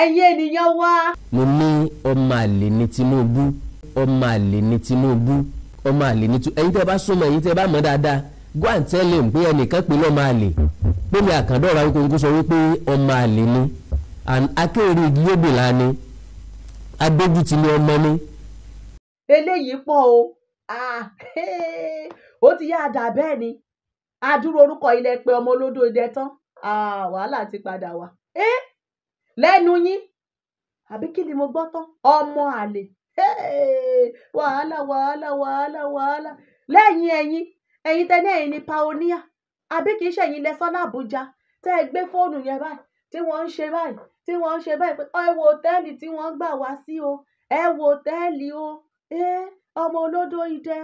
ẹ̀yin ènìyàn wá. mo ní ọmọ àlè ní Tinubu ọmọ àlè ní Tinubu ọmọ àlè ní Tinubu ẹ̀yin tẹ́ bá súnmọ́ ẹ̀yin tẹ bá mọ̀ dáadáa go and pé ẹnìkan pè lọ́mọ àlè pé mi àkàndọ́ra wíkóńkó sọ wípé ọmọ àlè ní akéèrè igi yébìlá ni adójútì ni ọmọ ni. eléyìí pọ̀ o ó ti yá àdá bẹ́ẹ̀ ni a dúró orúkọ ilẹ̀ pé ọmọ olódò ilẹ̀ tán wàhálà ti padà wá. lẹ́nu yín àbí kí ni mo gbọ́ tán ọmọ àlè wàhálà wàhálà wàhálà wàhálà lẹ́yìn ẹ̀yin ẹ̀yin tẹ́ ní ẹ̀yin ni paonia àbí kì í ṣẹ̀yin lẹ́sán làbújá tẹ́ ẹ gbé fóònù yẹn báyìí tí wọ́n ń ṣe báyìí tí wọ́n ń ṣe báyìí pé ẹ wo òtẹ́ẹ̀lì tí wọ́n gbà wá sí o ẹ wo òtẹ́ẹ̀lì o ẹ ọmọ olódó idẹ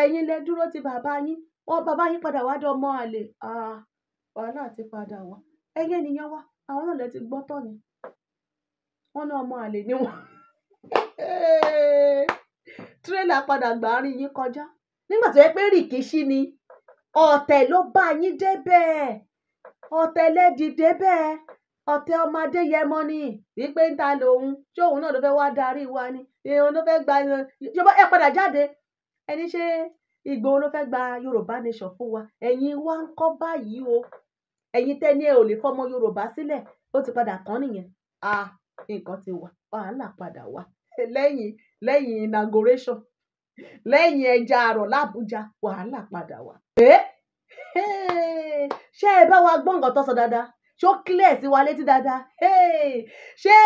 ẹ̀yin lẹ dúró ti bàbá yín wọn bàbá yín padà wá dọmọ àlè ah, wàhálà ti padà wá ẹ̀yin ènìyàn wa àwọn náà lè ti gbọ́ tọ̀ yẹn wọ́n ọmọ àlè ni wọ́n tírélà padà gbà á rí yín kọjá nígbà tó yẹ pé rìkíṣí ni ọ̀tẹ̀ ló bá yín débẹ̀ ọ̀tẹ̀ lẹ́dí débẹ̀ ọ̀tẹ̀ ọmọdé yẹmọ ni wípé ń ta lòun ṣé òun náà ló fẹ́ wá darí wa ni ló fẹ́ gba yorùbá ṣe Ìgbòho ló fẹ́ gba Yorùbá nation fún wa ẹ̀yin ẹ̀yin tẹ́ni ẹ ò lè fọmọ Yorùbá sílẹ̀ ó ti padà kán nìyẹn ah nǹkan ti wà wàhálà padà wà lẹ́yìn lẹ́yìn inauguration lẹ́yìn ẹja àrọ̀ làbújá wàhálà padà wà. ṣé ẹ bá wa gbọ́ nǹkan tó sọ dáadáa ṣó clear sí wa létí dáadáa ṣé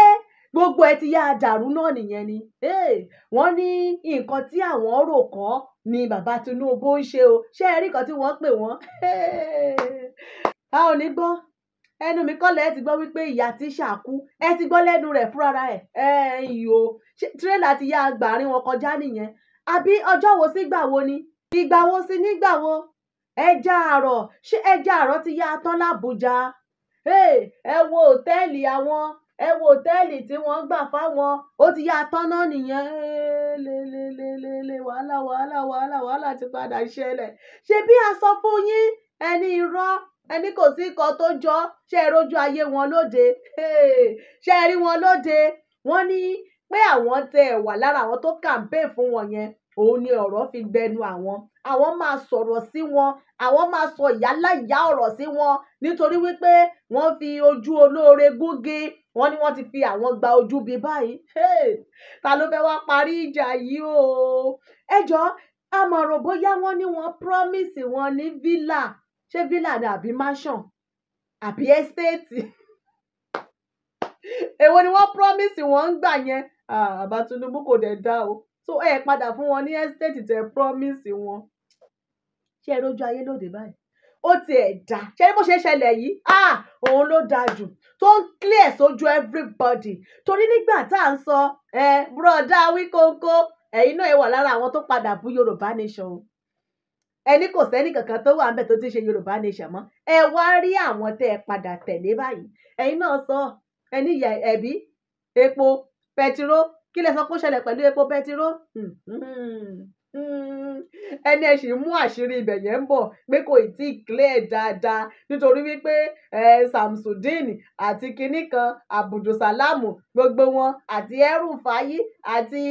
gbogbo ẹ ti yá dàrú náà nìyẹn ni wọ́n ní nǹkan tí àwọn rò kọ́ ni bàbá Tinubu ń ṣe o ṣé ẹ rí nǹkan tí wọ́n pè wọ́n a ò ní gbọ́ ẹnu mi kọ́ lẹ̀ ẹ ti gbọ́ wípé ìyá tíṣà kú ẹ ti gbọ́ lẹ́nu rẹ̀ fúnra ẹ̀ ẹ̀yìn o tírélà ti yá agbàrin wọn kọjá nìyẹn àbí ọjọ́ wo sígbà wo ni ìgbà wo sí nígbà wo ẹja àrọ̀ ṣé ẹja àrọ̀ ti yá atán lábújá ẹ wo òtẹ́ẹ̀lì àwọn ẹ wo òtẹ́ẹ̀lì tí wọ́n gbà fáwọn ó ti yá atán náà nìyẹn lélelélele wàhálà wàhálà wàhálà wàhálà ti padà ṣẹlẹ̀ ṣe bí a sọ fún yín ẹni irọ́ ẹni kò sí nǹkan tó jọ ṣe é rojú ayé wọn lóde ṣe é rí wọn lóde wọ́n ní pé àwọn tẹ ẹ wà lára àwọn tó campaign fún wọn yẹn òun ni ọ̀rọ̀ fi gbẹnu àwọn àwọn máa sọ̀rọ̀ sí wọn àwọn máa sọ ìyáláyà ọ̀rọ̀ sí wọn nítorí wípé wọ́n fi ojú olóore gúngi wọ́n ní wọ́n ti fi àwọn gba ojú bíi báyìí ta ló fẹ́ wá parí ìjà yìí o ẹjọ́ àmọ̀ràn bóyá wọ́n ní wọ́n promise wọn ní villa ṣé villa ni àbí mansion àbí estate èwo ni wọ́n promise wọ́n ń gbà yẹn àbá Tinubu kò dẹ̀ dá o so ẹ padà fún wọn ní estate tẹ promise wọn ṣé ẹ lójú ayé lóde báyìí ó tiẹ̀ dá ṣé bó ṣe ṣẹlẹ̀ yìí ah òun ló dáa jù tó ń clear sójú everybody torí nígbà tá à ń sọ ẹ búrọ̀dá wíkóńkó ẹ̀yin náà ẹ wà lára àwọn tó padà bú Yorùbá nation ẹni kò sẹ́ni kankan tó wà ń bẹ̀ tó ti ṣe Yorùbá nation mọ́ ẹ wá rí àwọn tẹ́ ẹ padà tẹ̀lé báyìí ẹ̀yin náà sọ ẹni yà ẹ̀bí epo pẹtiró kí lẹ sọ kó ṣẹlẹ̀ pẹ̀lú epo pẹtiró hmm, hmm, hmm, ẹni ẹ sì mú àṣírí ibẹ̀ yẹn ń bọ̀ pé kò tí ì clear dáadáa nítorí wípé Samsudeen àti kinní kan Abdulsalam gbogbo wọn àti ẹrù fàyí àti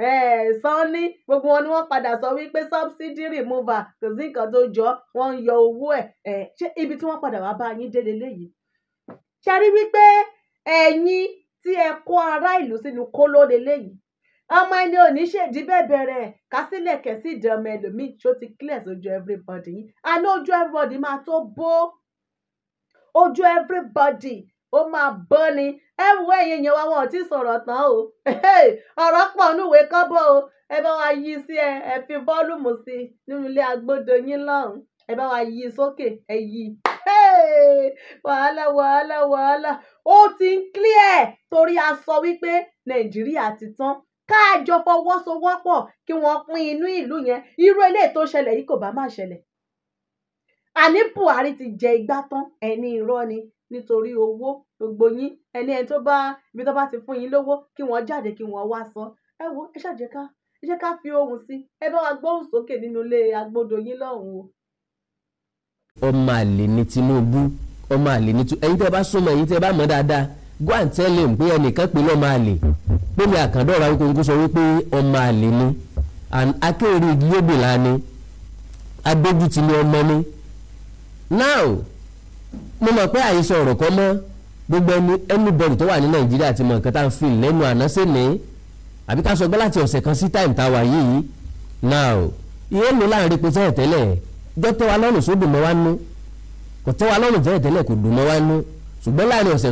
Eh, sanni gbogbo wọn ni wọ́n padà sọ wípé subsidy remover kò sí nǹkan tó jọ wọ́n ń yọ owó ẹ̀ eh, ṣé ibi tí wọ́n padà wá bá yín délé léyìí ṣe rí wípé ẹ̀yin tí ẹ kó ará ìlú sínú kóló leléyìí ọmọ ẹni òní ṣèdí bẹ̀bẹ̀ kásílẹ̀ kẹ̀sí ìdánmọ̀ ẹlòmíì tó ti clear sójú everybody yín àná ojú everybody máa tó bó ojú everybody ó máa bọ́ ni ẹ wo ẹ̀yin èèyàn wa wọn ò tí sọ̀rọ̀ tán o ọ̀rọ̀ pọ̀ núwèé kọ́bọ̀ o ẹ bá wa yí sí ẹ ẹ fi bọ́ọ̀lùmù sí nínú ilé agbódo yín lọ́hùn ẹ bá wa yí sókè ẹ yí wàhálà wàhálà wàhálà ó ti ń clear torí a sọ wípé nàìjíríà ti tán káàjọ fọwọ́sowọ́pọ̀ kí wọ́n pín inú ìlú yẹn irú eléyìí tó ṣẹlẹ̀ yìí kò bá má ṣẹlẹ̀ àní buhari ti jẹ igbá tán ẹni irọ́ ni nítorí owó gbogbo yín ẹni ẹni tó bá ibi tó bá ti fún yín lówó kí wọ́n jáde kí wọ́n wá san ẹ wo ẹ ṣàjẹ́ ká ẹ jẹ́ ká fi ohùn sí ẹ bá wa gbóhùn sókè nínú ilé agbódo yín lọ́hùn-ún. ọmọ àlè ni Tinubu ọmọ àlè ni ẹ̀yin tẹ́ bá súnmọ́ ẹ̀yin tẹ́ bá mọ̀ dáadáa go and tell him pé ẹnìkan pè lọ́mọ àlè pé mi àkàndọ́ra wíkóńkó sọ wípé ọmọ àlè ni akéèrè igi yóò bìlà ni adójútì ni ọmọ ni now mo mọ̀ pé àìsọ ọ̀rọ̀ kan mọ́ gbogbo ẹni anybody tó wà ní nàìjíríà ti mọ̀ nǹkan tá à ń fi lẹ́nu àná sí àbí ká sọ gbọ́ láti ọ̀sẹ̀ kan sí time tá a wà yìí now ìyẹn ló láàrin epo sẹ́yìn tẹ́lẹ̀ jọ sódò mọ́ wá nú kò sẹ́yìn tẹ́lẹ̀ kò dùn mọ́ wá nú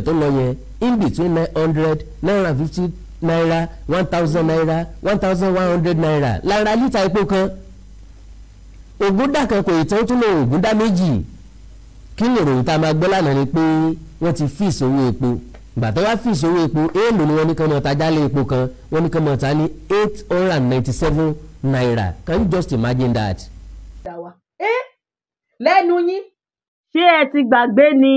tó lọ yẹn in between nine hundred naira naira one naira one thousand naira lára lítà epo kan kan kí ni ìròyìn tá a máa gbọ́ lánàá ni pé wọ́n ti fíìsì owó epo gbà tó wá fíìsì owó epo èèlò ni wọ́n ní kán mọ̀ ta jálẹ̀ epo kan wọ́n ní kán mọ̀ ta ní eight hundred and ninety seven naira can you just imagine that. ẹ lẹ́nu yín ṣé ẹ ti gbàgbé ni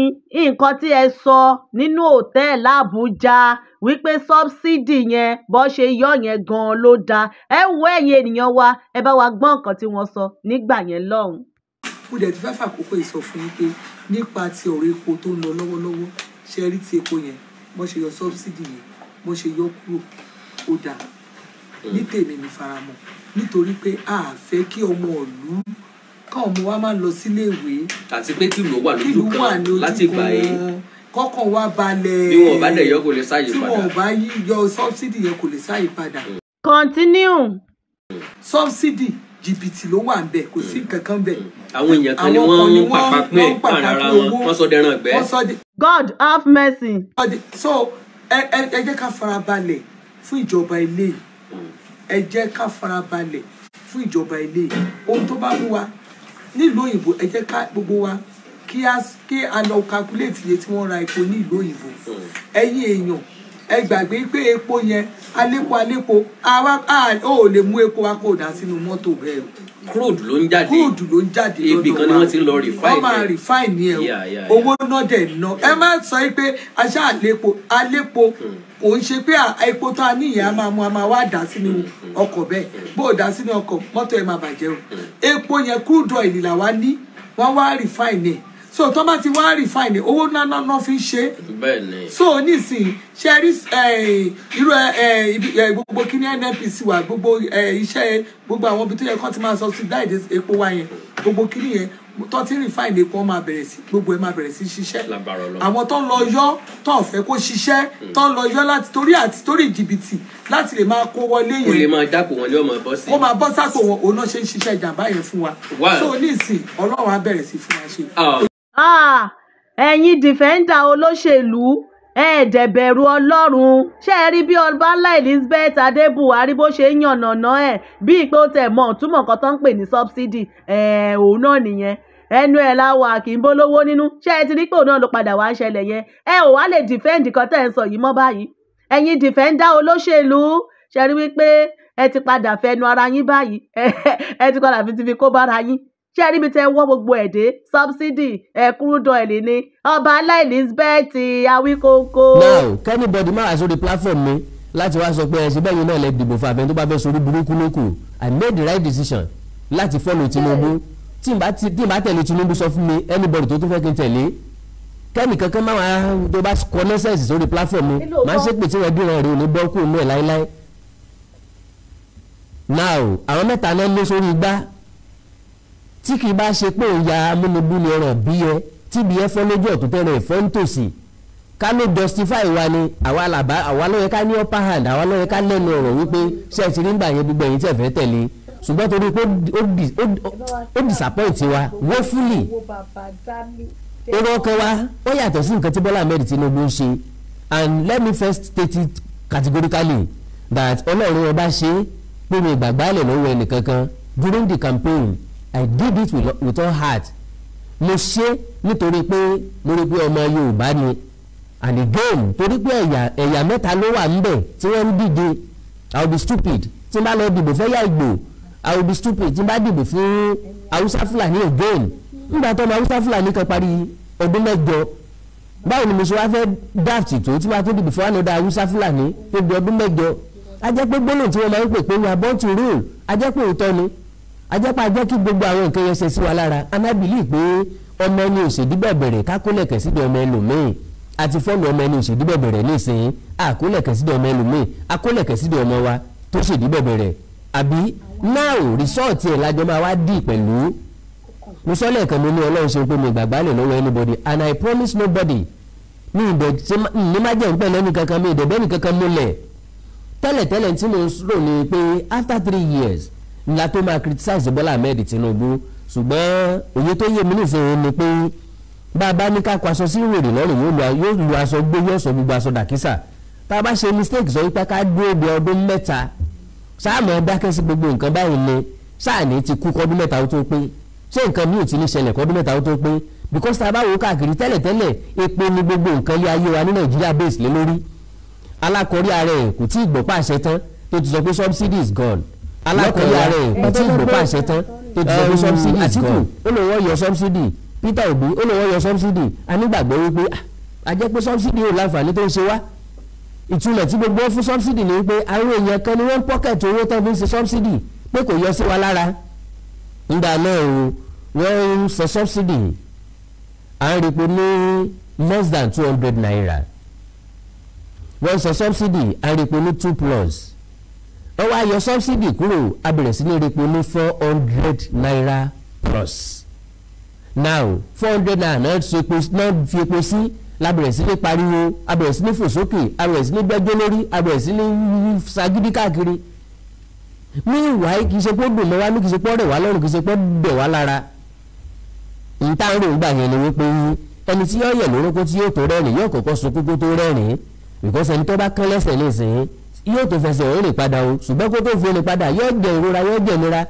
nǹkan tí ẹ sọ nínú òtẹ́ẹ̀lì Àbújá wípé sọ́bsìdì yẹn bó ṣe yọ yẹn gan-an ló dáa ẹ wo ẹ̀yin ènìyàn wa ẹ bá wa gbọ́ nǹkan tí wọ́n sọ nígbà yẹn lọ́hùn-ún mo dẹ̀ ti fẹ́ fàkókò yìí sọ fún yín pé nípa ti ọ̀rọ̀ epo tó ń lọ lọ́wọ́lọ́wọ́ ṣe rí ti epo yẹn mo ṣe yọ sọ́bsìdì yẹn mo ṣe yọ kúrò ó dà hmm. ní tèmi mi faramọ́ nítorí pé a fẹ́ kí ọmọ ọ̀lú káwọn ọmọ wa máa lọ sílé ìwé. àti pé kí ìlú wà lójú kan láti gbà é kọ́kàn wa balẹ̀ bí wọn ò bá lè yọ kò lè sáàyè padà tí wọn ò bá yọ sọ́bsìdì yẹn kò lè sáàyè padà. Hmm. continue. sọ́bsìdì jìbìtì ló wà nbẹ kò sí mm. nǹkan kan bẹ. Mm. àwọn èèyàn kan ni wọ́n ń pàpà pé pàrọ̀ra wọn sọ dẹran ẹgbẹ́. God have mercy. so ẹ jẹ́ ká farabalẹ̀ fún ìjọba ilé mm. ẹ jẹ́ ká farabalẹ̀ fún ìjọba ilé ohun tó bá mú wa nílùú òyìnbó ẹ jẹ́ ká gbogbo wa kí a lọ calculate iye tí wọ́n ra epo ní òyìnbó ẹ̀yin èèyàn ẹ gbàgbé pé epo yẹn alépo alépo àwa ò lè mú epo wa kó dà sínú mọ́tò bẹ́ẹ̀ o crude ló ń jáde crude ló ń jáde lọ́dọ̀ wa ibì kan ni wọ́n ti lọ refine wọ́n máa refine yẹn o owó náà dẹ̀ ná ẹ má sọ pé aṣá àlépo àlépo hmm. kò ń ṣe pé epo tó a níyẹn a máa mú a máa wá dà sínú hmm. ọkọ̀ bẹ́ẹ̀ hmm. bó o dà sínú ọkọ̀ mọ́tò ẹ máa bàjẹ́ o epo yẹn crude oil là wá ní wọ́n wá refine yẹn so tó bá ti wá refine owó náà náà fi ń ṣe so nísìnyí ṣe rí irú gbogbo kí ní nnpc wà gbogbo iṣẹ́ gbogbo àwọn ibi tó yẹ kán ti máa subsidize epo wa yẹn gbogbo kí nìyẹn tó ti refine epo máa bẹ̀rẹ̀ sí gbogbo ẹ̀ máa bẹ̀rẹ̀ sí ṣiṣẹ́ àwọn tó ń lọ yọ tó ń fẹ́ kó ṣiṣẹ́ hmm. tó ń lọ yọ láti torí àti torí jìbìtì láti lè máa kó wọlé yẹn. o lè máa dápò wọn ni wọn máa bọ́ sí. ó máa bọ́ sápò wọn òun náà ṣe ń ṣiṣẹ́ ìjàmbá yẹn fún wa so nísìnyí ọlọ́run á bẹ̀rẹ̀ sí fún wa ṣe. Ah háà ah, ẹ̀yin dìfẹ́ǹdà olóṣèlú ẹ̀ dé bẹ̀rù ọlọ́run ṣe é rí bí ọbańlá elizabeth adé-buhari bó ṣe ń yànnàná ẹ̀ bíi pé ó tẹ̀ mọ ìtumọ̀ nǹkan tó ń pè ní sọ́bsidì òun náà nìyẹn ẹnu ẹ̀ la wà kì í bólówó nínú ṣé ẹ ti rí pé òun náà ló padà wá ń ṣẹlẹ̀ yẹn ẹ ò wá lè dìfẹ́ǹdì kan tẹ̀ ń sọ yìí mọ́ báyìí ẹ̀yin dìfẹ́ǹdà olóṣèlú ṣe rí wípé ẹ ti padà fẹnu ara yín báyìí ẹ ti padà fi ti fi kó bára yín ṣé ẹni mi tẹ wọ́ gbogbo ẹ̀ dé sọbsidi ẹ̀kúrúdọ̀ ẹ̀lì ni ọba alá Elizabeth Awíkóńkó. now kẹ́nìbọ̀dì máa wá sórí platform mi láti wá sọ pé ẹ ṣe bẹ́ẹ̀ yín náà lè dìbò fún àfẹn tó bá fẹ́ sórí burúkú lókù I made the right decision láti follow Tinubu tí n bá tẹ̀lé Tinubu sọ fún mi anybody tó tún fẹ́ kí n tẹ̀lé kẹ́mi kankan máa wá tó bá kọ nọ́sẹ̀sì sórí platform mi máa ń ṣépè tí wọ́n bí wọn rí òní bọ́ kúrò mú ẹ̀ láéláé now àwọn mẹ́ta náà lé sórí igbá tí kì í bá ṣe pé ìyá amúnibúni ọ̀rọ̀ bí ẹ tíbi ẹ fọ́ lójú ọ̀tún tẹ́lẹ̀ ẹ̀fọ́ ń tòsí ká ló justify wa ni àwa làbá àwa ló yẹ ká ní upper hand àwa ló yẹ ká lẹ́nu ọ̀rọ̀ wípé ṣé ẹ ti rí ń gbà yẹn gbogbo ẹ̀yin tí ẹ fẹ́ tẹ̀lé ṣùgbọ́n torí pé ó disappoint wa woefully èrò ọkàn wa ó yàtọ̀ sí nǹkan tí Bọ́lá Ahmed Tinubu ń ṣe and let me first state it categorically that Ọlọ́run ọba ṣe pé mi ìgbàgbọ́ àlẹ́ ló wọ ẹnìkankan during the campaign I did it with, with all heart mo ṣe nítorí pé mo rí pé ọmọ Yorùbá ni and again torí pé ẹ̀yà ẹ̀yà mẹ́ta ló wà ńbẹ̀ tí wọ́n ń díje I will be stupid tí n bá lọ dìbò fẹ́ yá Ìgbò I will be stupid tí n bá dìbò fún Haúsá Fúlàní again nígbà tó ọmọ Haúsá Fúlàní kan parí ọdún mẹ́jọ báwo ni mo ṣe wá fẹ́ draft tó tí wàá tó dìbò fún ànàdà Haúsá Fúlàní tó di ọdún mẹ́jọ a jẹ́ pé gbólóhùn tí wọ́n máa ń pè pé we are born to rule a jẹ́ pé òótọ́ ni ajẹ́pá jẹ́ kí gbogbo àwọn nǹkan yẹn ṣe sí wa lára anábìlì pé ọmọ ẹni òṣèdíbẹ̀ bẹ̀rẹ̀ kákólẹ̀kẹ̀ síbi ọmọ ẹlòmíì àti fọ́ọ̀nù ọmọ ẹni òṣèdíbẹ̀ bẹ̀rẹ̀ nísìnyí àkólẹ̀kẹ̀ síbi ọmọ ẹlòmíì àkólẹ̀kẹ̀ síbi ọmọ wa tó ṣèdíbẹ̀ bẹ̀rẹ̀ àbí náà rìsọ́ọ̀tì ẹ̀ lájọ máa wá dì pẹ̀lú mo sọ lẹ́ẹ̀kan mo ní ọlọ́run ṣe pé mo gbàgbá lè lọ́wọ́ anybody and I promise nobody mi ìdẹ ṣe ní má jẹ́ ìpẹ́ lẹ́nu kankan mi ìdẹ bẹ́ẹ̀ ni kankan mo lẹ̀ tẹ́lẹ̀tẹ́lẹ̀ tí after three years ńlá tó máa criticize Bọ́lá Ahmed Tinubu ṣùgbọ́n òye tó yé mi nísìnyí ni pé bá a bá ní ká kó aṣọ sí wèrè lọ́rùn yóò lu aṣọ gbé yóò sọ gbogbo aṣọ dàkísà tá a bá ṣe mistake sọ wípé ká dúró de ọdún mẹ́ta sáàmù dákẹ́ sí gbogbo nǹkan báyìí ni sáàní ti kú kọ́dún mẹ́ta ó tó pé ṣé nǹkan mi ò ti ní ṣẹlẹ̀ kọ́dún mẹ́ta ó tó pé because tá a bá wo káàkiri tẹ́lẹ̀tẹ́lẹ̀ epo ni gbogbo nǹkan lé ayé wa ní Nàìjíríà base lé lórí alákọ̀ọ́rí ara ẹ̀ kò tí ì gbọ́ pàṣẹ tán tó ti sọ pé subsidy is gone alákòóyà rẹ̀ ìgbàtí ìgbò pàṣẹ tán tó ti sọ pé subsidy Àtíkù ó lè wọ́n yọ subsidy Peter Obi ó lè wọ́n yọ subsidy a nígbàgbọ́ wípé ah, a jẹ́ pé subsidy ò láǹfààní tó ń ṣe wá ìtumọ̀ tí gbogbo fún subsidy ni wípé àwọn èèyàn kan ni wọ́n pocket owó tó fi ń ṣe subsidy pé kò yọ sí wa lára ńgbà náà o wọ́n ń ṣe subsidy à ń rí ní less than two hundred naira wọ́n ń ṣe subsidy à ń rí ní two plus ẹ wá yọ subsidy kúrò a bẹ̀rẹ̀ sí ní erépo ní four hundred naira plus now four hundred naira náà fi epo sí labẹ̀rẹ̀ sí ní pariwo abẹ̀rẹ̀ sí ní fòsókè abẹ̀rẹ̀ sí ní gbẹ́jọ́ lórí abẹ̀rẹ̀ sí ní sagídí káàkiri meanwhile kì í ṣe pé ó dùn mọ́ wá ní kì í ṣe pé ó rẹ̀ wá lọ́rùn kì í ṣe pé ó bẹ̀ wá lára níta ń rògbà yẹn ni wípé ẹni tí yóò yẹ̀ lórúkọ tí yóò tó rẹ́rìn yóò kọ́kọ́ sunkún kó tó rẹ́rìn because ẹni tó bá kán lẹ́sẹ̀ lè sìn ín yóò tó fẹsẹ̀ ó lè padà o ṣùgbọ́n kó tó fi padà yóò jẹ ìrora yóò jẹ ìnira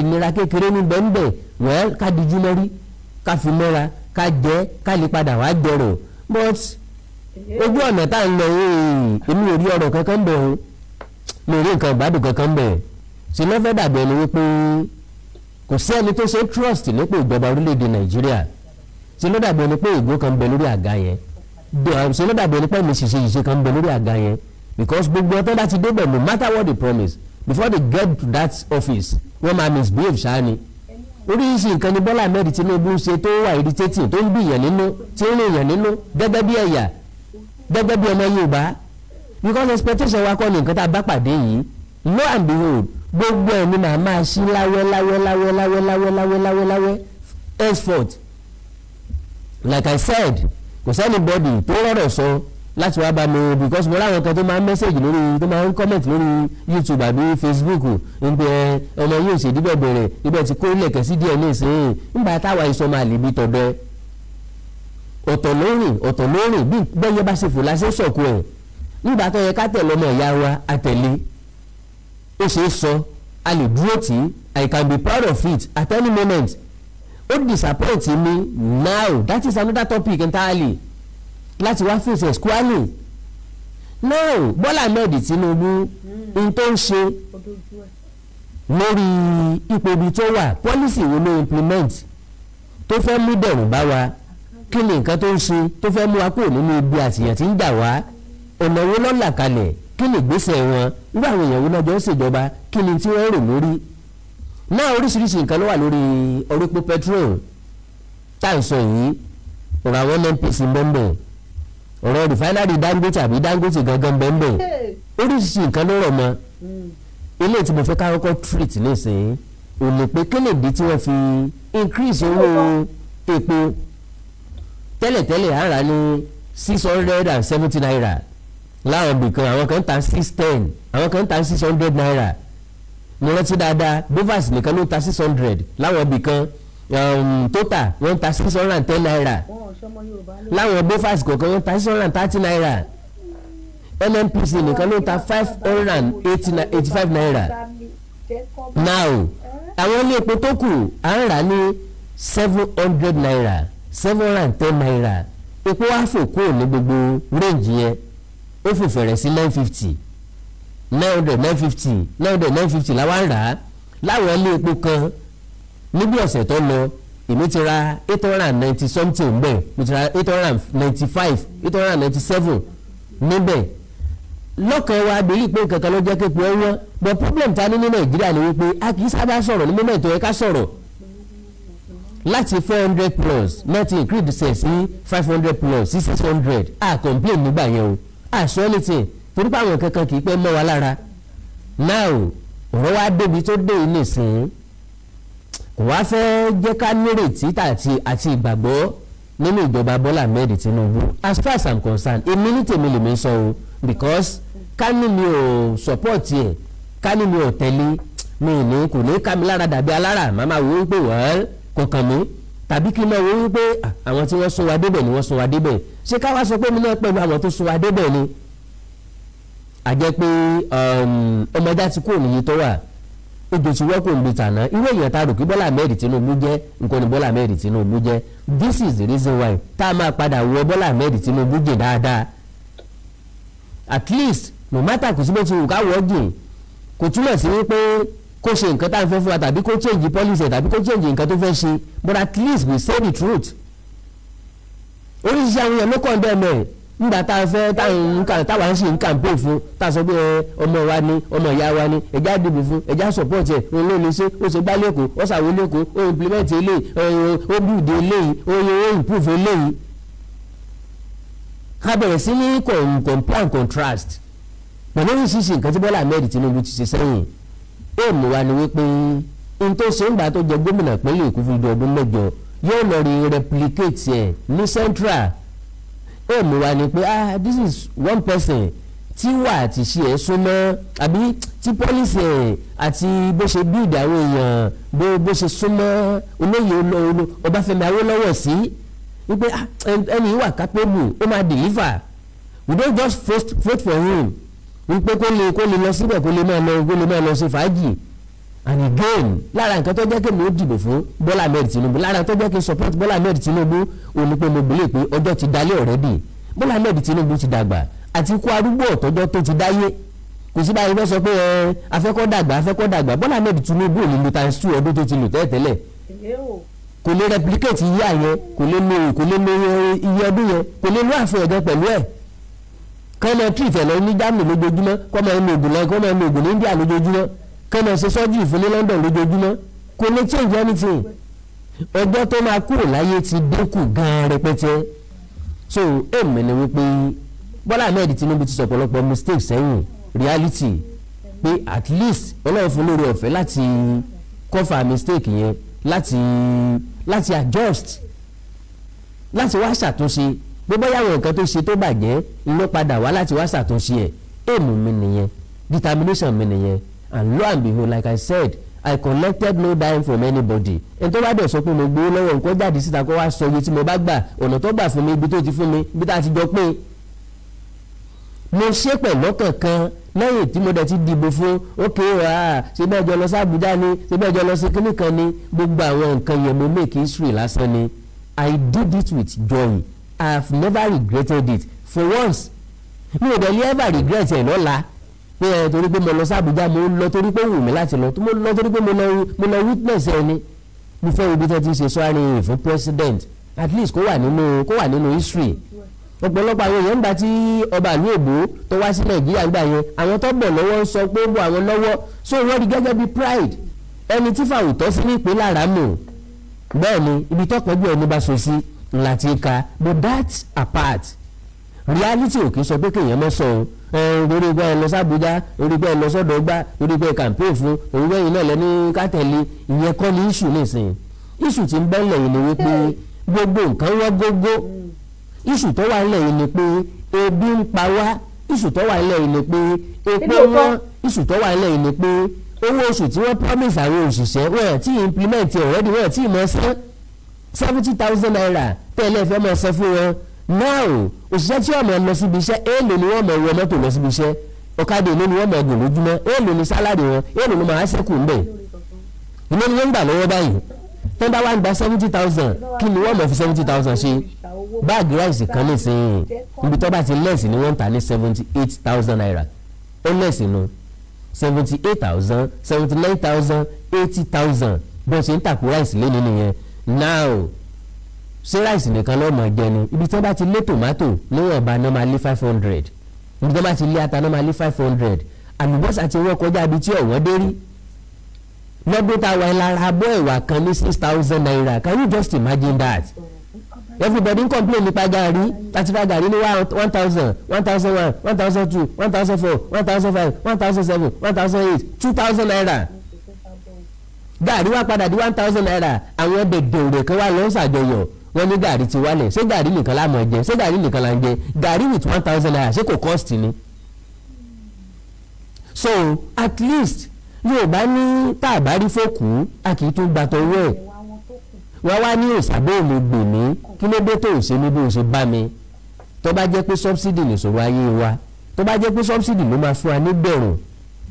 ìnira kékeré ní bẹ́ńbẹ́ wẹ́ẹ́ ká dijú mọ́rí ká fi mọ́ra ká jẹ́ ká lè padà wá jọrọ̀ but ojú ọ̀nà tá à lọ eh, èmi ò rí ọ̀rọ̀ kankan bẹ̀ o mi ò rí nǹkan ìgbádùn kankan bẹ̀ ṣe lọ́ fẹ́ dàbẹ̀ ni wípé kò sí ẹni ṣe trust nípò ìjọba orílẹ̀ Nàìjíríà lọ́ pé because gbogbo ọtọ́ bá ti débẹ̀ no matter what they promise before they get to that office wọ́n máa misbehave ṣáá ni oríṣi nǹkan ni Bọ́lá Ahmed Tinubu ṣe tó wà irritating tó ń bí èèyàn nínú tí ń rìn èèyàn nínú gẹ́gẹ́ bí ẹ̀yà gẹ́gẹ́ bí ọmọ Yorùbá because expectation wa kọ́ ni nǹkan tá a bá pàdé yìí lo and behold gbogbo ẹ̀ ni màá máa ṣí láwẹ́ láwẹ́ láwẹ́ láwẹ́ láwẹ́ láwẹ́ láwẹ́ láwẹ́ henceforth like I said kò sẹ́ni bọ́dì tó rọ̀rọ̀ sọ láti wá bá mi because mo láwọn kan tó máa ń message lórí tó máa ń comment lórí youtube àbí facebook ń bẹ eh, ọmọ yóò ṣe díbẹ̀ bẹ̀rẹ̀ ibẹ̀ ti kó lẹ̀kẹ́ sí díẹ̀ ní ìsìn nígbà táwa ìsọmọ àlèbí tọ̀dọ̀ ọ̀tọ̀ lóòrìn ọ̀tọ̀ lóòrìn bí bẹ́yẹ bá ṣe fò láṣẹ sọ̀kù ẹ̀ nígbà tó yẹ ká tẹ̀lé ọmọ ìyá wa àtẹ̀lé ó ṣe é sọ a lè dúró tì í i can be proud of it at any moment ó disappoint me now that is another topic entirely láti wá fèsì ẹ̀skúálì no Bọ́lá Ahmed Tinubu hmm. n tó ń ṣe lórí ipò ibi tó wà pọ́lísì wo ló implement tó fẹ́ mú dẹ̀rù bá wa kí ni nǹkan tó ń ṣe tó fẹ́ mú wa kúrò nínú ibi àtìyàn tí ń dà wá ọ̀nà wo ló là kalẹ̀ kí ni ìgbésẹ̀ wọn irú àwọn èèyàn wo lọ́jọ́ ń ṣèjọba kí ni tí wọ́n rò lórí náà oríṣiríṣi nǹkan ló wà lórí ọ̀rọ̀ epo petrol tá à ń sọ yìí ọ̀rọ̀ àwọn NNPC ń bọ́ ń bọ̀ ọ̀rọ̀ rìfáínárì Dangote àbí Dangote gangan bẹ́ẹ̀ oríṣiríṣi nǹkan ló rọ̀ mọ́ ilé hmm. tí mo fẹ́ ká kọ́kọ́ treat nísìnyí ò lè pé kélédé tí wọ́n fi increase owó epo tẹ́lẹ̀tẹ́lẹ̀ ara ní six hundred and seventy naira láwọn ibìkan àwọn kan ń ta six ten àwọn kan ń ta six hundred naira mo rántí dáadáa bovas nìkan ló ń ta six hundred láwọn ibìkan um, total wọ́n ń ta six hundred and ten naira. Wow láwọn bofas kọ̀ọ̀kan wọ́n ta six hundred and thirty naira nnpc nìkan ló ta five hundred and eighty five naira now àwọn ilé epo tó kù à ń rà ní seven hundred naira seven hundred and ten naira epo wá fò kúrò ní gbogbo range yẹn ó fò fẹ̀rẹ̀ sí nine fifty nine hundred nine fifty nine hundred nine fifty làwọn rà á láwọn ilé epo kan níbi ọ̀sẹ̀ tó lọ èmi ti ra eight hundred and ninety something bẹ́ẹ̀ mo ti ra eight hundred and ninety five eight hundred and ninety seven níbẹ̀ lọ́kàn wa àgbèyí pé kankan ló jẹ́ képe ọwọ́ but problem ta ní ní nàìjíríà ni wípé a kì í sábà sọ̀rọ̀ ní mímọ́ ètò ẹ̀ka sọ̀rọ̀ láti four hundred plus láti increase ṣe sí five hundred plus sí six hundred a complain nígbà yẹn o a sọ ẹ́ létí torí pé àwọn kankan kì í pẹ́ mọ́ wa lára now ọ̀rọ̀ wa débi tó dé yìí kò wá fẹ́ jẹ́ ká nírètí àti àti ìgbàgbọ́ nínú ìjọba Bọ́lá Ahmed Tinubu as far as I'm concerned èmi ní tèmi lèmi sọ o because kánú mi ò support ẹ̀ kánú mi ò tẹ̀lé mi ò ní kò ní ká mi lára dàbí alára màmá wo wípé wọ́n kọ̀ọ̀kan mi tàbí kí n máa wo wípé ah, àwọn tí wọ́n sún wa débẹ̀ ni wọ́n sún wa débẹ̀ ṣé ká wá sọ pé mi náà pẹ̀lú àwọn tó sún wa débẹ̀ ni àjẹpé um, ọmọdé àti kúrò nìyí tó wà odò ti wọ́pọ̀ ń bi tàná irú èèyàn ta rò Bọ́lá Tinubu jẹ́ nǹkan Bọ́lá Tinubu jẹ́ this is the reason why tá a máa padà wọ Bọ́lá Ahmed Tinubu jè dáadáa at least no matter kò ti ká wọ́ jìn kò túmọ̀ sí wípé kó ṣe nǹkan tá a fẹ́ fún wa tàbí kó change policy tàbí kó change nǹkan but at least we say the truth oríṣiríṣi àwọn èèyàn ló kàn nígbà tá a fẹ́ táwọn táwa ń ṣe ń campaign fún tá a sọ pé ọmọ wa ni ọmọ ìyá wa ni ẹ̀já dìbò fún ẹ̀já support ẹ̀ òun ló lè ṣe ó ṣe gbálẹ̀ èkó ó ṣàwọlé èkó ó implement eléyìí ó build eléyìí ó improve eléyìí. ká bẹ̀rẹ̀ sí ní compare and contrast pẹ̀lú oríṣiríṣi nǹkan tí Bọ́lá Ahmed Tinubu ti ṣe sẹ́yìn èèmù wa ni wípé n tó ṣe ń gbà tó jẹ gómìnà pẹ̀lú ìkúfúndọ̀ ọdún mẹ́jọ yóò lọ rí replicate ẹ̀ ní central ó mú wa ni pé ah this is one person tí wà àti ṣe ẹ̀ súnmọ́ àbí tí pọ́lísì ẹ̀ àti bó ṣe bí ìdáwó èèyàn bó bó ṣe súnmọ́ olóyè olóòlò Ọbáfẹ́mi Awólọ́wọ̀ sí wípé ah, ẹni wà kápẹ́bù ó máa deliver we don't just vote for him wípé kó lè kó lè lọ síbẹ̀ kó lè máa lọ kó lè máa lọ ṣe fàájì and again lára nǹkan tó jẹ́ kí mo dìbò fún Bọ́lá Ahmed Tinubu lára tó jẹ́ kí support Bọ́lá Ahmed Tinubu òun pé mo believe pé ọjọ́ ti dalẹ̀ already Bọ́lá Ahmed Tinubu ti dàgbà àti kó arúgbó ọ̀tọ́jọ́ tó ti dáyé kò sí báyìí fẹ́ sọ pé ẹ afẹ́kọ́ dàgbà afẹ́kọ́ dàgbà Bọ́lá Ahmed Tinubu ò lè times two ọdún tó ti lò tẹ́lẹ̀tẹ́lẹ̀ kò lè replicate iye àyẹn kò lè lo kò lè lo iye ọdún yẹn kò lè lo àfẹ́yẹ̀gẹ́ pẹ̀lú ẹ̀ kọ́ ẹ lọ tírìtẹ̀ lọ ní Germany lójoojúmọ́ kọ́ ẹ lọ oògùn lọ kọ́ ní India lójoojúmọ́ kọ́nà ṣe sọ́jú ìfúnni London lójoojúmọ́ kò lè change anything ọjọ́ tó máa kúrò láyé ti dínkù gan-an rẹpẹtẹ so èmi ni wípé Bọ́lá Ahmed Tinubu ti sọ̀pọ̀lọpọ̀ mistake sẹ́yìn reality pé at least Ọlọ́run fún lórí ọ̀fẹ́ láti cover mistake yẹn láti láti adjust láti wá ṣàtúnṣe gbogbo yàwọn nǹkan tó ṣe tó bàjẹ́ ló padà wá láti wá ṣàtúnṣe ẹ̀ èèmù mi nìyẹn determination mi nìyẹn and lo and behold like I said I collected no dime from anybody ẹni tó bá dẹ̀ sọ pé mo gbowó lọ́wọ́ nǹkan jáde síta kó wá sọ iye tí mo bá gbà ọ̀nà tó gbà fún mi ibi tó ti fún mi ibi tá a ti jọ pé mo ṣe pẹ̀lọ́ kankan lẹ́yìn tí mo dẹ̀ ti dìbò fún ókè ọ̀hà ṣe bẹ́ẹ̀ jọ lọ sí Àbújá ni ṣe bẹ́ẹ̀ jọ lọ sí kíní kan ni gbogbo àwọn nǹkan yẹn mo make history lásán ni I did it with joy I have never regretted it for once mi ò dẹ̀ lè ever regret ẹ̀ lọ́la. No pé ẹ torí pé mo lọ sí Àbújá mo lọ torí pé wù mí láti lọ mo lọ torí pé mo lọ mo lọ witness ẹni mo fẹ́ ibi tẹ́ ti ṣe swearing fún president at least kó wà nínú kó wà nínú history ọ̀pọ̀lọpọ̀ àwọn èèyàn gbà tí ọba ìlú èbó tó wá sí nàìjíríà gbà yẹn àwọn tó bọ̀ lọ́wọ́ ń sọ pé ó bọ̀ àwọn lọ́wọ́ so wọ́n rí gẹ́gẹ́ bí pride ẹni tí fàwùtọ́ sí ní ìpínlẹ̀ àràmù bẹ́ẹ̀ ni ibi tọ́pọ̀ bí ẹni bá so sí láti ka but that apart reality ò kì í sọ pé kéèyàn mọ́ sọ ohun orí pé ẹ lọ sàbújá orí pé ẹ lọ sọ́dọ̀ gbá orí pé ẹ campaign fún orí pé ìlẹ̀ lẹ́ni kátẹ̀lé ìyẹn kọ́ ni issue nìsín issue ti ń bẹ́lẹ̀ yìí ni wípé hmm. gbogbo nǹkan wọ́n gógó issue tó wà nílẹ̀ yìí ni pé ebi ń pa wá issue tó wà nílẹ̀ yìí ni pé epo wọn issue tó wà nílẹ̀ yìí ni pé owó oṣù tí wọ́n promise àwọn òṣìṣẹ́ wọ́n ti implement already wọ́n ti mọ̀ sán seventy thousand naira tẹ́lẹ̀ fẹ́ mọ̀ sọ fún wọn now òṣìṣẹ́ tí ọmọ ẹ lọ síbi iṣẹ́ èèlò ni wọ́n mọ̀ ẹ̀wọ̀ mọ́tò lọ síbi iṣẹ́ ọ̀kadà èèlò ni wọ́n mọ̀ ẹ̀gùn lójúmọ́ èèlò ni sálárì wọn èèlò ni màá ṣẹ́kù ń bẹ̀ ìlú ni wọ́n gbà lọ́wọ́ báyìí tó ń bá gba seventy thousand kí ni wọ́n mọ̀ fi seventy thousand ṣe báàgì ráìsì kan lè ṣe yìnyín ibi tó bá ti lẹ́ẹ̀sì ni wọ́n ń ní seventy eight thousand naira ó lẹ́ẹ̀sì nu seventy eight thousand seventy nine thousand eighty thousand bó ṣe ń tàkù ráìsì lé nínú yẹn now ṣé ráìsì nìkan lọ́ọ́ mọ̀ jẹ ni ibi tí wọ́n bá ti lé tòmátò níwọ̀n bá náà máa lé five hundred ibi tí wọ́n bá ti lé ata náà máa lé five hundred àlùbọ́sà ti wọ́n kọjá ibi tí ọ̀wọ́n dé rí lọ́dún tá a wà lára abọ́ ẹ̀wà kan ní six thousand naira can you just imagine that everybody ń complain nípa gàrí láti fa gàrí ní one thousand one thousand one one thousand two one thousand four one thousand five one thousand seven one thousand eight two thousand naira gàrí wá padà di one thousand naira àwọn dèdè òrè kan wà lọ́sàjọyọ̀ wọ́n ní gàrí ti wálẹ̀ ṣé gàrí nìkan la máa jẹ ṣé gàrí nìkan la ń jẹ gàrí with one thousand naira ṣé kò cost ni. so at least yorùbá ní tá a bá rí fòkù a kì í tún gba tọwọ́ ẹ̀ wá wá ní òṣàbò mi gbè mí kí ló dé tó ṣe mi bó ṣe bá mi tó bá jẹ́ pé subsidy nìṣòro ayé wa tó bá jẹ́ pé subsidy ló máa fún wa ní bẹ̀rù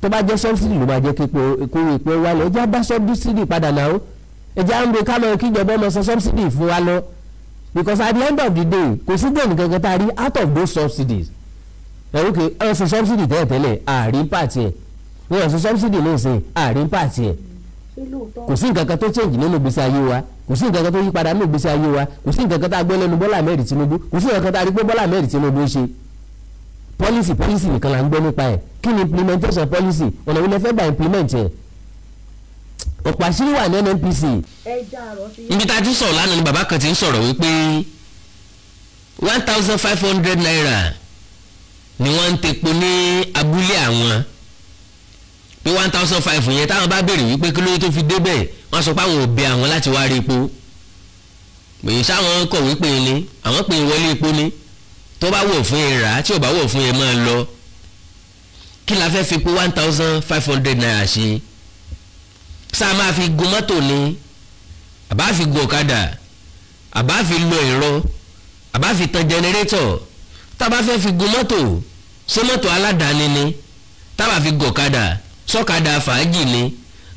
tó bá jẹ́ subsidy ló máa jẹ́ kí kó ìpè wálẹ̀ ẹjẹ́ bá subsidy padà náà ẹjẹ à ń bo kámọ kíjọba ọmọ san subsidy fún wa lọ because at the end of the day kò sí gbẹ̀mí kankan tá a rí out of those subsidies ẹ̀rú kì í san subsidy tẹ́lẹ̀tẹ́lẹ̀ àárín pàtì ẹ̀ wọ́n san subsidy ní ìsìn àárín pàtì ẹ̀ kò sí nǹkan kan tó change nínú ìgbésí ayé wa kò sí nǹkan tó yí nínú ìgbésí ayé wa kò sí nǹkan tá a gbọ́ lẹ́nu Bọ́lá Ahmed Tinubu kò sí nǹkan tá a rí pé Bọ́lá Ahmed Tinubu ń ṣe policy policy nìkan là ń gbọ́ nípa ẹ̀ kí ni implementation policy ọ̀nà wo lẹ fẹ́ gbà implement ẹ̀ ọ̀pọ̀ àṣírí wà ní NNPC. ibi tá a tún sọ̀rọ̀ lánàá ni bàbá kan ti ń sọ̀rọ̀ wípé one thousand five hundred naira ni wọ́n ń tepo ní abúlé àwọn pé one thousand five yẹn táwọn bá béèrè wípé kí lóye tó fi débẹ̀ wọ́n sọ pé àwọn ò bẹ àwọn láti wá rí epo pèyí sáwọn kọ̀wé pè é ní àwọn pè é wọlé epo ní tó bá wọ̀ fún ẹ rà á tí ò bá wọ̀ fún ẹ máa lọ kí la fẹ́ fi pé one thousand five hundred naira ṣe sáà máa fi gun mọ́tò ni àbá fi gun ọ̀kadà àbá fi lo ẹ̀rọ àbá fi tan jẹnẹrétọ̀ tábà fẹ́ fi gun mọ́tò ṣé mọ́tò aládàáni ni tábà fi gun ọ̀kadà sọ́kadà fàájì ni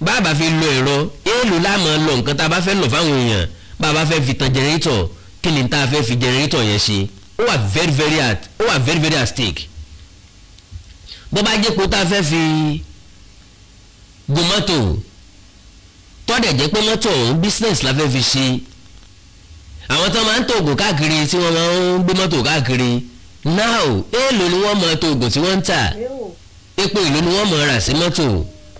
bàbá fi lo ẹ̀rọ èèlò láàmú lọ nǹkan tábà fẹ́ lọ fáwọn èèyàn bàbá fẹ́ fi tan jẹnẹrétọ̀ kí ni tá a fẹ́ fi jẹnẹrétọ̀ yẹn ṣe ó wà very very at ó wà very very at stake bó bá jẹ́ pé tá a fẹ́ fi gun mọ́tò tọ́dẹ̀ jẹ́ pé mọ́tò ọ̀hún business la fẹ́ fi ṣe àwọn tó máa ń tó oògùn káàkiri tí wọ́n máa ń gbé mọ́tò káàkiri now èèlò ni wọ́n máa tó oògùn tí wọ́n ń tà epo ìlú ni wọ́n máa rà sí mọ́tò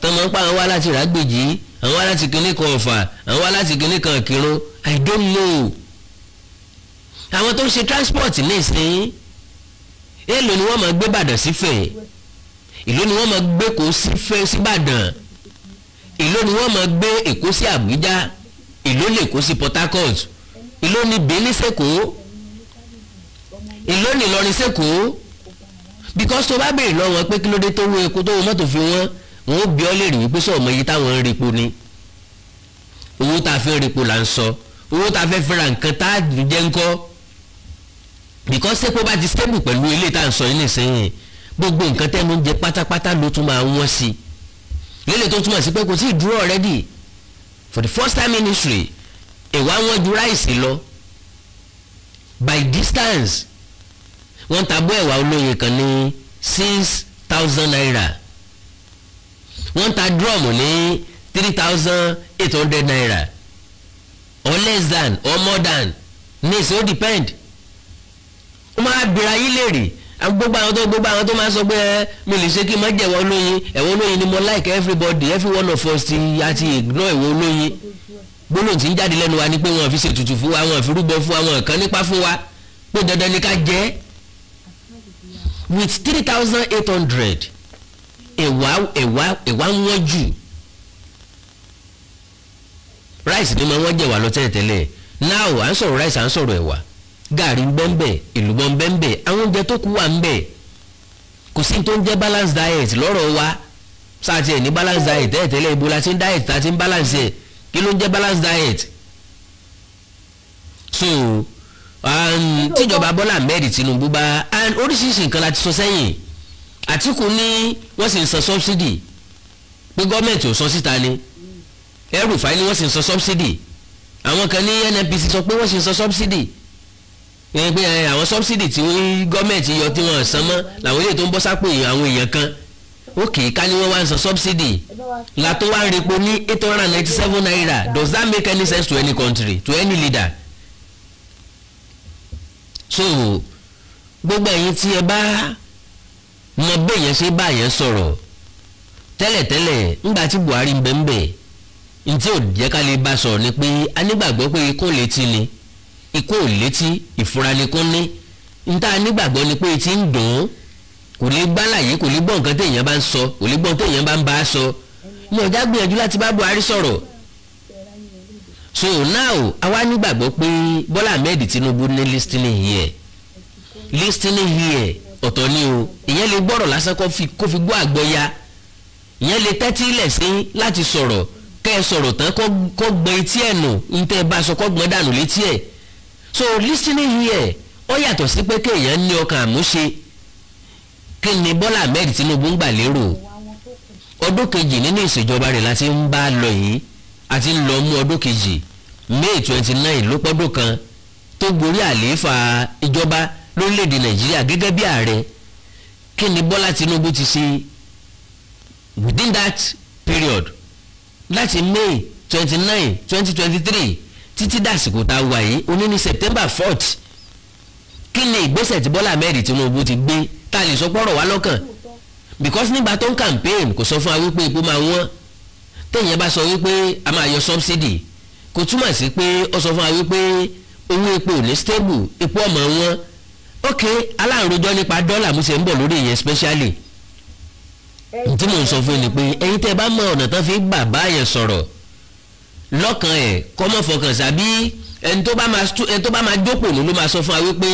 tó máa ń pa àwọn wá láti ràgbèjì àwọn wá láti kinní kan ọ̀fà àwọn wá láti kinní kan kírun i don't know àwọn tó ń ṣe transport nísìnyí èèlò ni wọ́n máa gbé bàdàn sífẹ̀ ìlú ni wọ́n máa gbé kó sífẹ̀ síbàdàn ìlú ni wọ́n máa gbé èkó sí Àbújá ìlú lè kó sí Port Harcourt ìlú ni Benin sẹ́kọ̀ọ́ ìlú ni Ìlọrin sẹ́kọ̀ọ́ because tó bá béèrè lọ́wọ́ pé kí ló dé tó wọ epo tó wọ mọ́tò fi wọ́n wọn ó bí ọ lè rí wípé sọ̀rọ̀ mọ́ iye táwọn ń repo ni owó tá a fi ń repo là ń sọ owó tá a fẹ́ fi ra nǹkan tá a dùn jẹ́ ńkọ́ because epo bá ti stable pẹ̀lú ilé tá à ń sọ yìí nìsín yìí gbogbo nǹkan tẹ́ mú jẹ pátápátá ló tún máa wọ́n sí i lílẹ̀ tó túmọ̀ sí pé kò sí ìdúró already for the first time in history ìwà wọn ju ráìsì lọ by distance wọ́n tabó ẹ̀wà olóye kan ní six thousand naira wọ́n ta drum ní three thousand eight hundred naira or less than or more than ní ìsìn ó depend ó máa bèrè ayé lè rí gbogbo àwọn tó gbogbo àwọn tó máa sọ pé ẹ eh, mi lè ṣe kí n má jẹ ẹ̀wọ̀n olóyin ẹ̀wọ̀n olóyin ni mo like everybody every one of us ti àti ignore ẹ̀wọ̀n olóyin gbólóhùn tí ń jáde lẹ́nu wa ni pé wọn fi ṣètùtù fún wa wọn fi rúbọ fún wa wọn kàn nípa fún wa pé dandan ni ká jẹ́ with three thousand eight hundred ẹ̀wà ẹ̀wà ẹ̀wà ń wọ́n jù rice ni mo wọ́n jẹ̀ wá lọ tẹ́lẹ̀ tẹ́lẹ̀ now à ń sọ̀rọ̀ rice à ń sọ̀rọ̀ ẹ̀wà gàrí ń bẹ́ńbẹ́ èlùbọ́ ń bẹ́ńbẹ́ àwọn oúnjẹ tó kù wà ń bẹ̀ kò sí tó ń jẹ́ balance diet lọ́rọ̀ wa sáàtì ẹ̀ ní balance diet ẹ̀ tẹ́lẹ̀ ibo la ti ń diet ta ti ń balance ẹ̀ kí ló ń jẹ́ balance diet so um, tíjọba Bọ́lá Ahmed Tinubu bá and oríṣiríṣi nǹkan la ti sọ sẹ́yìn Àtìkù ní wọ́n sì ń san subsidy pé gọ́ọ̀mẹ̀ntì ò san síta ni El Rufai wọ́n sì ń san subsidy àwọn kan ní NNPC sọ pé wọ́n sì ń san subsidy pé eh, àwọn subsidy tí gọ́ọ̀mẹ̀ntì yọ tí wọ́n san mọ́ làwọn eléyìí tó ń bọ́ sápò àwọn èèyàn kan ókè ká ní wọ́n wá ń san subsidy la tó wá ń repo ní eight hundred and ninety seven naira does that make any sense to any country to any leader so gbogbo ẹ̀yin tí ẹ bá mọ béèyàn ṣe báyẹn sọ̀rọ̀ tẹ́lẹ̀tẹ́lẹ̀ ńgbà tí Buhari ń bẹ̀ ń bẹ̀ ntí ò jẹ́ ká lè bá sọ̀rọ̀ ni pé a nígbàgbọ́ pé kó lè ti ni. ikú ò létí ìfuralekún ní níta nígbàgbọ́ ni pé eti ń dùn ún kò lè gbálàyé kò lè gbọ́ nǹkan téèyàn bá ń sọ kò lè gbọ́ téèyàn a sọ ní ọjà gbìyànjú láti bá Buhari sọ̀rọ̀ so now àwa nígbàgbọ́ pé Bọ́lá Ahmed Tinubu ní listening here listening here ọ̀tọ̀ ni o ìyẹn lè gbọ́rọ̀ lásán kó fi gbọ́ ìyẹn lè tẹ́tí ilẹ̀ sí láti sọ̀rọ̀ kẹ́ ẹ sọ̀rọ̀ tán kó etí ẹ̀ so listening here ó yàtọ̀ sí pé kéèyàn ní ọkàn àmúṣe kí ni Bọ́lá Ahmed Tinubu ń gbà lérò ọdún kejì nínú ìṣèjọba rẹ̀ la ti ń bá lọ yìí a ń lọ mú ọdún kejì May twenty nine ló pọ́dún kan tó gorí àlééfà ìjọba lórílẹ̀‐èdè Nàìjíríà gẹ́gẹ́ bí ààrẹ kí ni Bọ́lá Tinubu ti ṣe within that period láti May twenty nine twenty twenty three títí dàsìkò tá a wà yìí òní ní September fourth kí ni ìgbésẹ̀ tí Bọ́lá Ahmed Tinubu ti gbé tá a lè sọ pọ́rọ̀ wá lọ́kàn because nígbà tó ń campaign kò sọ fún wa wípé epo máa wọ́n téèyàn bá sọ wípé a máa yọ subsidy kò túmọ̀ sí pé ó sọ fún wa wípé owó epo ò ní stable epo ọmọ wọn ok aláàrojọ nípa dọ́là mo ṣe ń bọ̀ lórí ìyẹn specially ntí mò ń sọ fún yín ni pé ẹ̀yin tẹ́ bá mọ ọ̀nà tán fi gbà báyẹn sọ̀rọ̀ lọ́kàn ẹ̀ kọ́mọ̀ fọkàn sàbí ẹni tó bá máa ẹni tó bá máa jókòó ló ló máa sọ fún wa wípé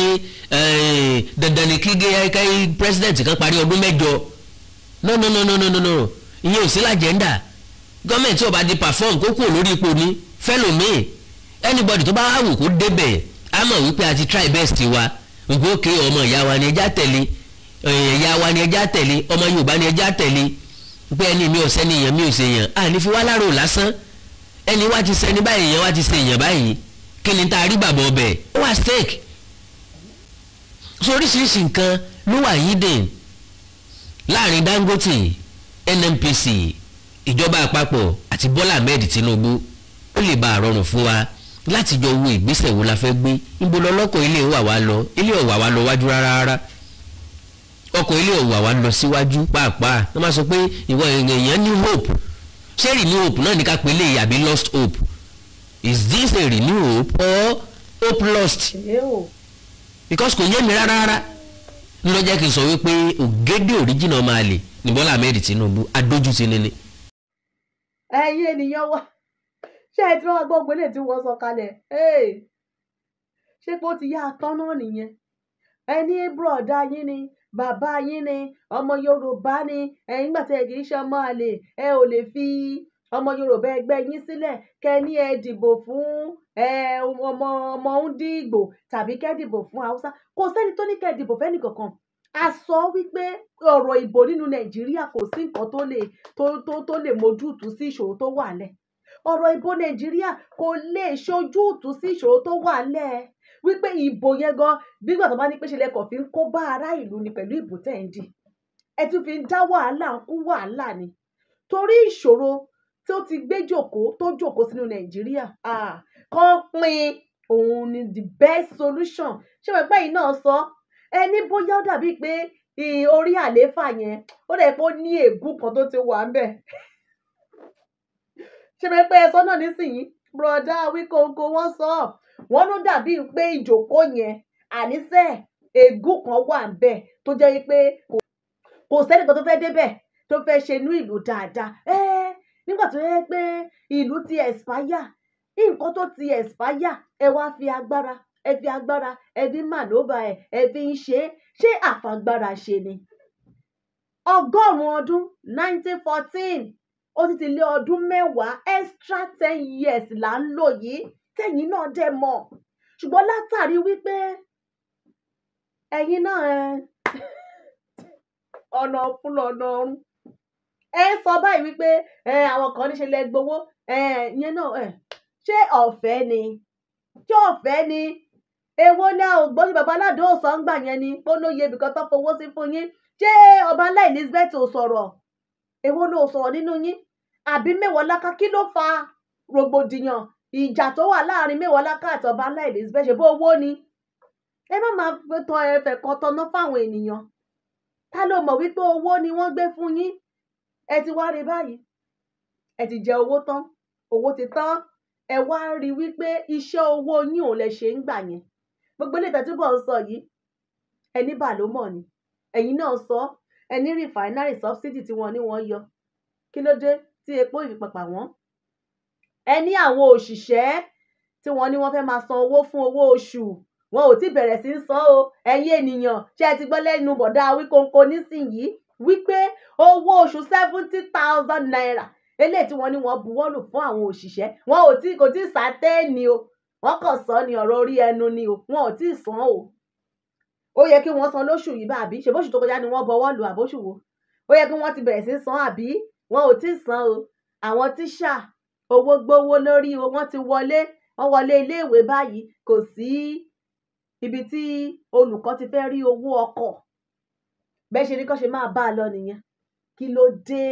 dandan ni kí kí president kan parí ọdún mẹ́jọ no no no no no no no ìyẹn ò sí lájẹ́ndà gọ́ọ̀mẹ̀ntì ọba di perform kó kúrò lórí ipò ní fẹ́lòmíì anybody tó bá wà wù kó débẹ̀ á mọ̀ wípé a ti try best wa nǹkan òkè ọmọ ìyá wa ni ẹja tẹ̀lé ìyá wa ni ẹja tẹ̀lé ọmọ Yorùbá ni ẹja tẹ̀lé pé ẹni mi ò sẹ́ni èèyàn mi ò sèèyàn à ní fi wá lárò lásán ẹni wá ti sẹni báyìí èèyàn wá ti sẹ èèyàn báyìí kí ni tá a rí bàbá ọbẹ̀ ó wà steak so oríṣiríṣi nǹkan ló wà hidden láàrin Dangote NNPC ìjọba àpapọ̀ àti Bọ́lá Ahmed Tinubu ó lè bá a rọrùn fún wa láti jọ wo ìgbésẹ̀ wo la fẹ́ gbé níbo lọ́lọ́kọ̀ ilé wà wá lọ ilé ọ̀wà wá lọ wájú rárá rárá ọkọ̀ ilé ọ̀wà wá lọ síwájú pàápàá wọ́n máa sọ pé ìwọ èèyàn ní hope ṣé renew hope náà ní ká àbí lost hope is this a renew hope or hope lost because kò yé mi rárá rárá ló jẹ́ kí n sọ wípé ògèdè original máa lè ní Bọ́lá Ahmed Tinubu adójútì níní. ẹ̀yin ènìyàn wa ṣé ẹ ti wá gbogbo ilé tí wọ́n sọ kalẹ̀ ṣé kó ti yá atán náà nìyẹn ẹni broda yín ni bàbá yín ni ọmọ Yorùbá ni ẹ̀yin gbà tẹ́ ẹ kì í ṣe ọmọ àlè ẹ ò lè fi ọmọ Yorùbá ẹgbẹ́ yín sílẹ̀ kẹ́ ní ẹ dìbò fún ọmọ ọmọ Ndígbò tàbí kẹ́ dìbò fún Haúsá kò sẹ́ni tó ní kẹ́ dìbò fẹ́ni kankan a sọ wípé ọ̀rọ̀ ìbò nínú Nàìjíríà kò sí nǹkan tó lè tó tó tó lè mójútùú sí ìṣòro tó wà lẹ̀ ọ̀rọ̀ ìbò Nàìjíríà kò lè ṣojútùú sí ìṣòro tó wà lẹ̀ wípé ìbò yẹn gan nígbà tó bá ní pé ṣe lẹ́kọ̀ọ́ fi ń kó bá ará ìlú ni pẹ̀lú ìbò tẹ̀ ń dì ẹ tún fi ń dá wàhálà ń kún wàhálà ni torí ìṣòro tí ó ti gbé jòkó tó jòkó sínú nàìjíríà kọ́ pin òun ni the best solution ṣé wọ́n pẹ́ yìí náà sọ ẹni bóyá ó dàbí pé orí àlééfà yẹn ó dẹ̀ pé ó ní ègún kan tó ti wà ń bẹ̀ ṣé wọ́n pẹ́ ẹ sọ náà nísìnyí broda wíkóńkó wọ́n sọ ọ́ wọ́n ló dàbí pé ìjókòó yẹn àníṣe ègún kan wà ńbẹ̀ tó jẹ́ pé kò sẹ́ni kan tó fẹ́ débẹ̀ tó fẹ́ ṣe inú ìlú dáadáa ẹ́ nígbà tó yẹ pé ìlú ti expire nǹkan tó ti expire ẹ wá fi agbára ẹ fi agbára ẹ fi mànóbà ẹ ẹ fi ń ṣe é ṣé àfagbára ṣe ni. ọgọ́rùn ọdún nineteen fourteen ó ti ti lé ọdún mẹ́wàá extra ten years là ń lò yìí tẹ̀yìn náà dẹ̀ mọ̀ ṣùgbọ́n látàrí wípé ẹ̀yin náà ọ̀nà ọ̀fun lọ̀nà ọ̀run ẹ sọ báyìí wípé àwọn kan níṣe lẹ gbowó yẹn náà ṣé ọ̀fẹ́ ni ṣé ọ̀fẹ́ ni èwo ni a ò ní baba aládùn òsàn ń gbà yẹn ni ó lóye ibìkan tó fowó sí fún yín ṣé ọba ńlá Elizabeth ò sọ̀rọ̀ ló sọ̀rọ̀ nínú yín àbí mẹ́wọ̀ọ́ kí ló ìjà tó wà láàrin Mẹ́wàá Ọláká àti Ọba Ńlá Elizabeth ṣe bó owó ni ẹ má máa tan ẹ̀fẹ̀ kan tanná fáwọn ènìyàn ta ló mọ̀ wípé owó ni wọ́n gbé fún yín ẹ ti wá rí báyìí ẹ ti jẹ owó tán owó ti tán ẹ wá rí wípé iṣẹ́ owó yín ò lẹ ṣe ń gbà yẹn gbogbo ilé ìtẹ́túbọ̀ ń sọ yìí ẹni bà ló mọ̀ ni ẹ̀yin náà sọ ẹni rìfàínárì sọ́bsidì tí wọ́n ní wọ́n yọ kí ló dé tí epo ìfipàpà wọ́n ẹ ní àwọn òṣìṣẹ́ tí wọ́n ní wọ́n fẹ́ máa san owó fún owó oṣù wọn ò tí bẹ̀rẹ̀ sí í san o ẹ̀yin ènìyàn ṣé ẹ ti gbọ́ lẹ́nu bọ̀dá wíkóńkó nísìnyí wípé owó oṣù seventy thousand naira eléyìí tí wọ́n ní wọ́n buwọ́lù fún àwọn òṣìṣẹ́ wọn ò tí kò tí ì sátẹ́ẹ̀nì o wọ́n kàn sọ ni ọ̀rọ̀ orí ẹnu ni o wọn ò tí ì san o ó yẹ kí wọ́n san lóṣù yìí bá àbí ṣèbóṣù tó kọjá ni wọ́n bọwọ́ lù àbóṣù wo ó yẹ kí wọ́n ti bẹ̀rẹ̀ sí san àbí wọn ò tí san o àwọn tíṣà owó gbówó lórí o wọ́n ti wọlé wọ́n wọlé iléèwé báyìí kò sí ibi tí olùkọ́ ti fẹ́ rí owó ọkọ̀ bẹ́ẹ̀ ṣe ní kó ṣe máa bá a lọ nìyẹn kí ló dé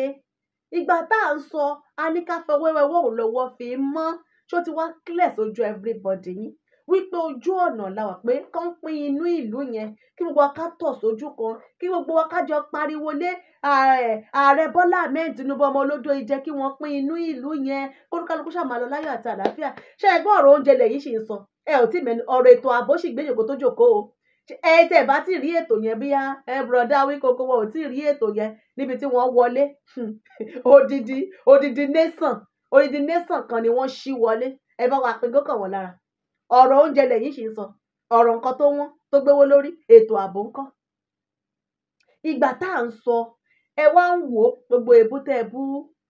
ìgbà tá à ń sọ a ní ká fọwọ́ wẹ́wọ́ òun lọ́wọ́ fi mọ́ ṣó ti wá clear sójú everybody yín wípé ojú ọ̀nà la wà pé kán pín inú ìlú yẹn kí gbogbo wa ká tọ̀ sójú kan kí gbogbo wa ká jọ pariwo lé ààrẹ ààrẹ Bọ́lá Ahmed Tinubu ọmọ olódó ìjẹ́ kí wọ́n pín inú ìlú yẹn kólúkálukú ṣàmà lọ láyọ̀ àti àlàáfíà ṣé ẹgbọ́n ọ̀rọ̀ oúnjẹ lẹ́yìn ṣì ń sọ ẹ ò tí mẹ́ni ọ̀rọ̀ ètò ààbò sì gbé jòkó tó jòkó o ẹ tẹ̀ bá ti rí ètò yẹn bíyá ẹ bùrọ̀dá Awíkóńkó wọn ò tí rí ètò yẹn níbi tí wọ́n wọlé odidi odidi nation odidi nation kan ni wọ́n ṣí wọlé ẹ bá wa pín gókàn wọn lára ọ̀rọ̀ oúnjẹ lẹ́yìn ṣì ń sọ ọ̀rọ̀ nǹkan tó wọ́n tó gbéwó lórí ètò ààbò ńkọ́ ìgbà tá à ń sọ ẹ wá ń wò ó gbogbo èébú tẹ́ ẹ bú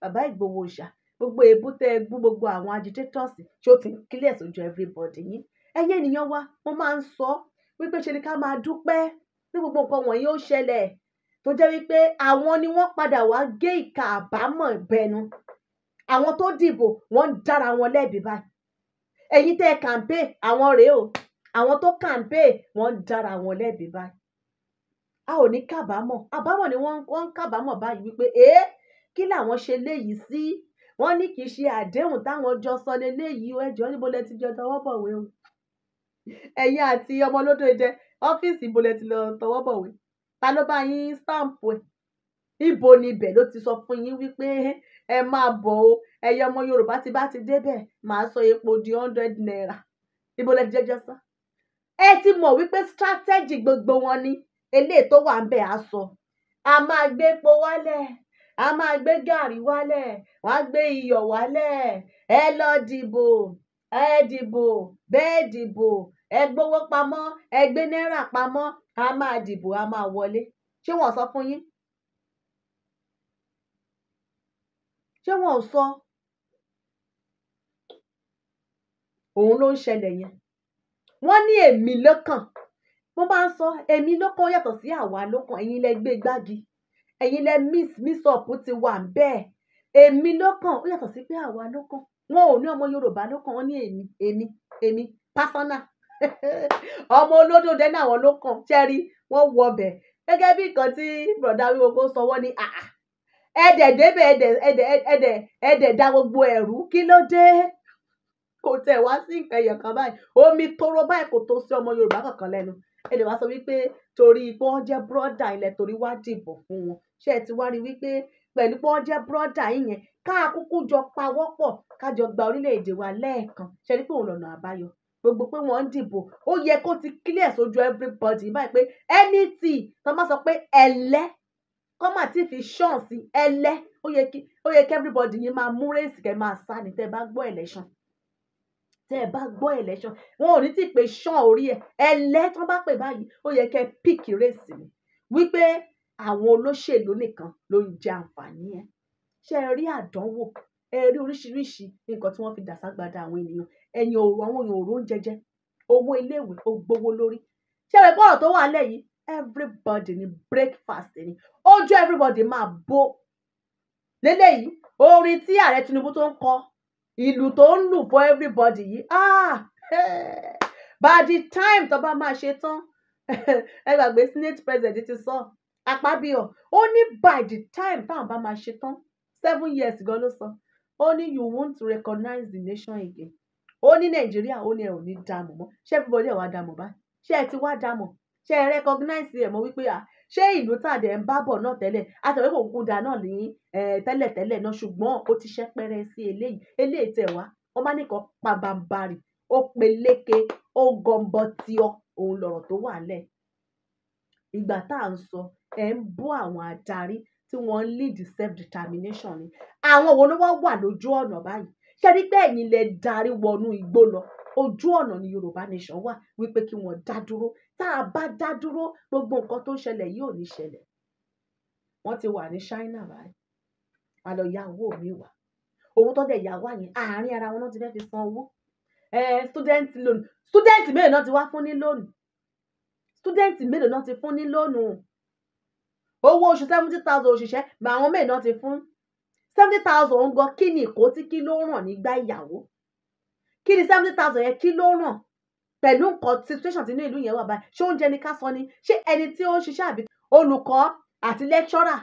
bàbá Ìgbòho Òòṣà gbogbo èébú tẹ́ ẹ bú gbogbo àwọn agitators tí ó ti kílẹ̀ sójú everybody yín ẹyẹ ènìyàn wa wọ́n máa ń sọ wípé ṣe ni ká máa dúpẹ́ pé gbogbo nǹkan wọ̀nyí ó ṣẹlẹ̀ tó jẹ́ wípé àwọn ni wọ́n padà wá gé ìka àbámọ̀ bẹnu àwọn tó dìbò wọ́n dára wọn lẹ́bi báyìí ẹ̀yin tẹ́ campaign àwọn rèé o àwọn tó campaign wọ́n ń dára wọn lẹ́bi báyìí a ò ní kábàámọ̀ àbámọ̀ ni wọ́n ń kábàámọ̀ báyìí wípé èé kí làwọn ṣe léyìí sí wọ́n ní kì í ṣe àdéhùn táwọn jọ sọ léléyìí o ẹjọ́ níbo lẹ ti jọ tọwọ́ bọ̀wé o ẹ̀yin àti ọmọ jẹ ọ́fíìsì ibo lọ tọwọ́ bọ̀wé ta ló bá yín stamp ẹ̀ ibo ni ibẹ̀ ló ti sọ fún yín wípé ẹ máa bọ̀ o ẹyẹ ọmọ yorùbá ti bá ti débẹ̀ màá sọ epo di hundred naira ibo lẹ jẹjẹ sá ẹ ti mọ̀ wípé strategy gbogbo wọn ni eléyìí tó wà ń bẹ̀ á sọ a máa gbé epo wálẹ̀ a máa gbé gàrí wálẹ̀ wàá gbé iyọ̀ wálẹ̀ ẹ lọ dìbò ẹ dìbò bẹ́ẹ̀ dìbò ẹ gbówó pamọ́ ẹ gbé náírà pamọ́ a máa dìbò a máa wọlé ṣé wọ́n sọ fún yín ṣé wọn ò sọ? Òun ló ń ṣẹlẹ̀ yẹn. Wọ́n ní èmi lọ́kàn. Mo máa ń sọ èmi lọ́kàn yàtọ̀ sí àwa lọ́kàn. Ẹ̀yin lẹ gbé gbági. Ẹ̀yin lẹ mix, mix up ti wà bẹ́ẹ̀. Èmi lọ́kàn ó yàtọ̀ sí pé àwa lọ́kàn. Wọn ò ní ọmọ Yorùbá lọ́kàn, wọ́n ní èmi, èmi, èmi, personal. Ọmọ olódò dẹ́ ní àwọn lọ́kàn. Ṣé ẹ rí? Wọ́n wọ bẹ̀. Gẹ́gẹ́ bí nǹkan tí Bùrọ̀dá Awiwunmi sọ, wọ́n ní, "Àà, ẹdẹ débẹ̀ ẹdẹ ẹdẹ ẹdẹ ẹdẹ da gbogbo ẹrú kí ló dé kò tẹ̀ wá sí nǹkan ẹyọ kan báyìí omi tóró báyìí kò tó sí ọmọ Yorùbá kankan lẹ́nu ẹdẹ wá sọ wípé torí pé wọ́n jẹ́ búrọdà ilẹ̀ torí wá dìbò fún wọn ṣé ẹ ti wá rí wípé pẹ̀lú pé wọ́n jẹ́ búrọdà yìí yẹn ká kúkú jọ pawọ́pọ̀ ká jọ gba orílẹ̀ wa lẹ́ẹ̀kan ṣe ni pé òun lọ́nà àbáyọ gbogbo pé wọ́n ń dìbò ó yẹ kó ti clear sójú everybody báyìí pé anything tó má sọ pé ẹlẹ́ kọ́ mà tí fi ṣọ́ọ̀sì ẹlẹ́ ó yẹ kí ó yẹ kí everybody yẹn máa mú rèsì kẹ́ máa sá ni tẹ́ bá gbọ́ election tẹ́ ẹ bá gbọ́ election wọn ò ní tí pé ṣán orí ẹ ẹlẹ́ tó bá pè báyìí ó yẹ kẹ́ píkì rèsì ni wípé àwọn olóṣèlú nìkan ló ń jẹ àǹfààní ẹ ṣe ẹ rí àdánwò ẹ rí oríṣiríṣi nǹkan tí wọ́n fi dàságbádá àwọn ènìyàn ẹ̀yìn òru àwọn èèyàn òru ń jẹjẹ owó iléèwé ó gbówó lórí ṣe ẹ bọ́ọ̀ tó wà lẹ́yìn everybody ní breakfast ní ojú everybody máa bó lélẹ́yìí orin tí ààrẹ Tinubu tó ń kọ ìlú tó ń lù for everybody yìí ah hey. by the time tó bá máa ṣe tán ẹ gbàgbé senate president ti sọ Akpabio ó ní by the time táwọn bá máa ṣe tán seven years gan ló sọ ó ní you won't recognize the nation again ó ní Nàìjíríà ó ní ẹ ò ní dààmú mọ́ ṣé everybody ẹ wá dààmú bá ṣé ẹ ti wá dààmú ṣé ẹ recognize ẹ̀ mọ́ wípé à ṣé ìlú tàdé ń bá bọ̀ náà tẹ́lẹ̀ àtẹ̀wé kò kún da náà ní tẹ́lẹ̀tẹ́lẹ̀ náà ṣùgbọ́n ó ti ṣẹ́pẹ́rẹ́ sí eléyìí eléyìí tẹ̀ wá wọ́n má nìkan pabambarì ó peléke ó gọ̀ǹbọ̀tìọ òun lọ̀rọ̀ tó wà lẹ̀ ìgbà tá à ń sọ ẹ̀ ń bọ́ àwọn adarí tí wọ́n ń lead self determination ni àwọn wo ló wá wà lójú ọ̀nà báyìí ṣe rí pé ẹ̀yin lẹ darí wọnú igbó lọ ojú ọ̀nà ni Yorùbá nation wà wípé kí wọ́n dá dúró tá a bá dá dúró gbogbo nǹkan tó ń ṣẹlẹ̀ yìí ò ní ṣẹlẹ̀ wọ́n ti wà ní China báyìí a lọ ya owó mi wá owó tó dẹ̀ yà wá yẹn àárín ara wọn náà ti fẹ́ fi san owó student loan student mélòó náà ti wá fún ní lónìí student mélòó náà ti fún ní lónìí owó oṣù seventy thousand òṣìṣẹ́ mà àwọn mélòó náà ti fún seventy thousand ń gọ kí ni ìkó tí kí ló ràn nígbà ìyàwó kí ni seventy thousand yẹn kí ló ràn pẹ̀lú nǹkan situation tí inú ìlú yẹn wà báyìí ṣé oúnjẹ ni ká sọ ni ṣé ẹni tí ó ń ṣiṣẹ́ àbí olùkọ́ àti lecturer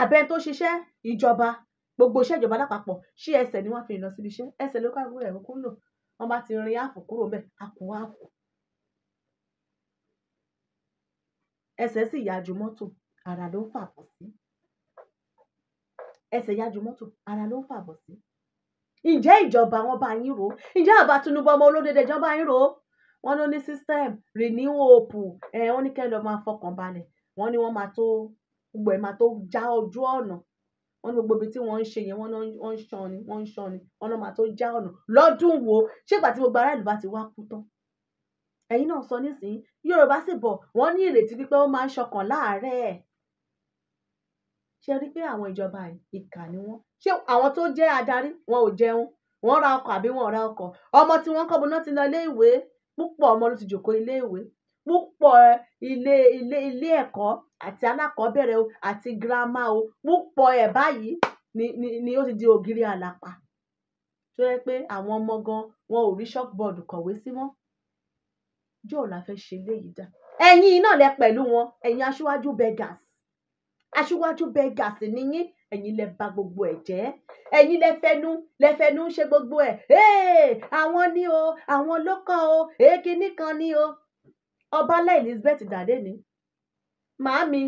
àbẹ́ni tó ṣiṣẹ́ ìjọba gbogbo iṣẹ́ ìjọba lápapọ̀ ṣé ẹsẹ̀ ni wọ́n fi lọ síbi iṣẹ́ ẹsẹ̀ ló ká gbogbo ẹ̀rọ kúrò wọ́n bá ti rin àpò kúrò bẹ́ẹ̀ àpò àpò ẹsẹ̀ sì yá ju mọ́tò ara ló ń fàbọ̀ sí ẹsẹ̀ yá ju mọ́tò ara ló ń fàbọ̀ sí ǹjẹ́ ìjọba wọn bá yín rò ó ǹjẹ́ àbá Tinubu ọmọ olódede ìjọba yín rò ó wọn ló ní system renew hope ẹ wọn ní kẹ́ńdọ̀ máa fọkàn balẹ̀ wọn ní wọn máa tó gbogbo ẹ̀ máa tó já ojú ọ̀nà wọn ní gbogbo ibi tí wọ́n ń ṣe yẹn wọ́n ń ṣan ni wọ́n ń ṣan ni wọn náà máa tó já ọ̀nà lọ́dún wo ṣé ìgbà tí gbogbo aráàlú bá ti wá kú tán ẹ̀yin náà sọ nísìnyí Yorùbá sì bọ̀ wọ́n ní ìrètí pípẹ́ ó máa ń ṣọkàn láàárẹ̀ ṣé rí pé àwọn ìjọba yìí ìkà ni wọ́n ṣé àwọn tó jẹ́ adarí wọn ò jẹun wọ́n ra ọkọ̀ àbí wọn ò ra ọkọ̀ ọmọ tí wọ́n kọ́ bọ́ná ti lọ ilé ìwé púpọ̀ ọmọ ló ti jòkó ilé ìwé púpọ̀ eh, ilé ilé ilé ẹ̀kọ́ àti alákọ̀ọ́bẹ̀rẹ̀ o àti girama o púpọ̀ ẹ̀ báyìí ni ni ni ó ti di ògiri àlàpà tó yẹ pé àwọn ọmọ gan wọn ò rí chalkboard kọ̀wé sí mọ́ jọ́ọ̀ la fẹ́ ṣe léyìí dá ẹ̀yin náà lẹ pẹ̀lú wọn ẹ̀yin aṣíwájú beggars aṣíwájú beggars ni yín ẹ̀yin lẹ bà gbogbo ẹ̀ jẹ́ ẹ̀yin lẹ fẹnu lẹ fẹnu ń ṣe gbogbo ẹ̀ àwọn ni o àwọn ló o èkì nìkan ni o ọbalẹ̀ Elizabeth dàdé ni màámi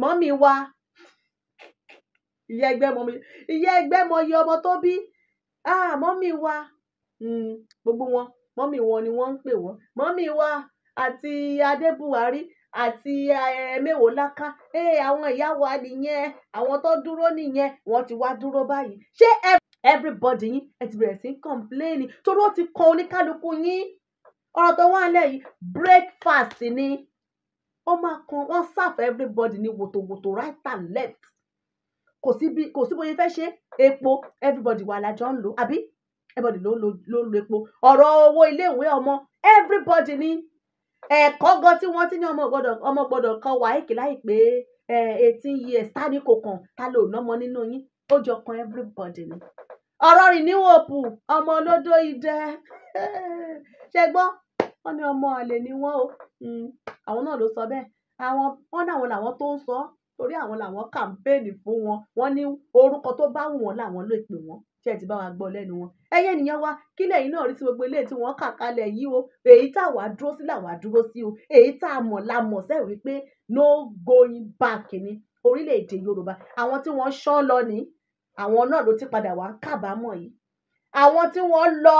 mọ́mi wa ìyá ẹgbẹ́ mọ mi ìyá ẹgbẹ́ mọ iye ọmọ tó bí ah, mọ́mi wa hmm, gbogbo wọn mọ́mi wọn ni wọ́n ń pè wọ́n mọ́mi wa àti adé buhari àti eh, mẹ́wòó láká eh, àwọn ìyá wa nìyẹn àwọn tó dúró nìyẹn wọ́n ti wá dúró báyìí ṣé everybody yín ẹ ti bẹ̀rẹ̀ sí í complain. torí ó ti kan oníkálukú yín ọ̀rọ̀ tó wà nílẹ̀ yìí breakfast ni wọ́n máa kan wọ́n serve everybody ní wòtòwòtò right and left kò sí bí kò sí bóyá fẹ́ ṣe epo everybody wà lájọ ń lò àbí everybody ló ń lo epo ọ̀rọ̀ owó iléèwé ọmọ everybody ni ẹ̀kọ́ gan tí wọ́n ti ní ọmọ gbọ́dọ̀ ọmọ gbọ́dọ̀ kan wà èkì láìpẹ́ eighteen years ta ni kò kàn ta ló nọ́mọ nínú yín ó jọ kan everybody ni ọ̀rọ̀ rìn ní wòpù ọmọ olódó idẹ ṣe gbọ́ wọ́n ní ọmọ àlè ni wọ́n o hmm, àwọn náà ló sọ bẹ́ẹ̀ àwọn wọ́n náwọn làwọn tó ń sọ torí àwọn làwọn kàmpéènì fún wọn wọ́n ní orúkọ tó bá wù wọ́n làwọn lè pè wọ́n ṣé ẹ ti bá wa gbọ́ lẹ́nu wọn ẹyẹ ènìyàn wa kí lẹ́yìn náà rí sí gbogbo eléyìí tí wọ́n kà kalẹ̀ yìí o èyí tá a wà dúró sí làwà dúró sí o èyí tá a mọ̀ la mọ̀ sẹ́ẹ̀ wípé no going back ni orílẹ̀-èdè Yorùbá àwọn tí wọ́n ṣọ́ lọ ní àwọn náà ló ti padà wá kábàámọ̀ yìí àwọn tí wọ́n lọ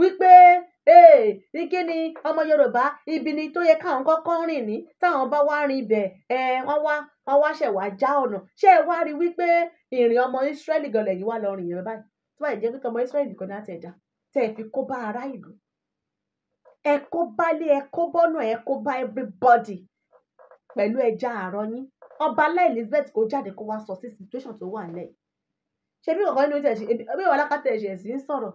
wípé ee kí ni ọmọ Yorùbá ibi ni tó yẹ káwọn kọ́kọ́ rìn ní táwọn bá wá rìn ibẹ̀ ẹ wọ́n wá wọ́n wá ṣẹ̀ wá já ọ̀nà ṣé wá rí wípé ìrìn ọmọ Ísírẹ́lì gan lẹ́yìn wá lọ rìn yẹn báyìí tó bá jẹ́ pé tọmọ Israẹli nìkan náà tẹ̀ dá tẹ́ ẹ fi kó bá ará ìlú ẹ kó bálé ẹ kó bọ́nà ẹ kó bá everybody pẹ̀lú ẹja àárọ̀ yín ọba alẹ́ Elizabeth kò jáde kó wá sọ sí situation tó wà lẹ́yìn ṣe bí kankan nínú tẹ̀sí ẹbí wọn alákàtà ẹ̀ṣẹ̀ sì ń sọ̀rọ̀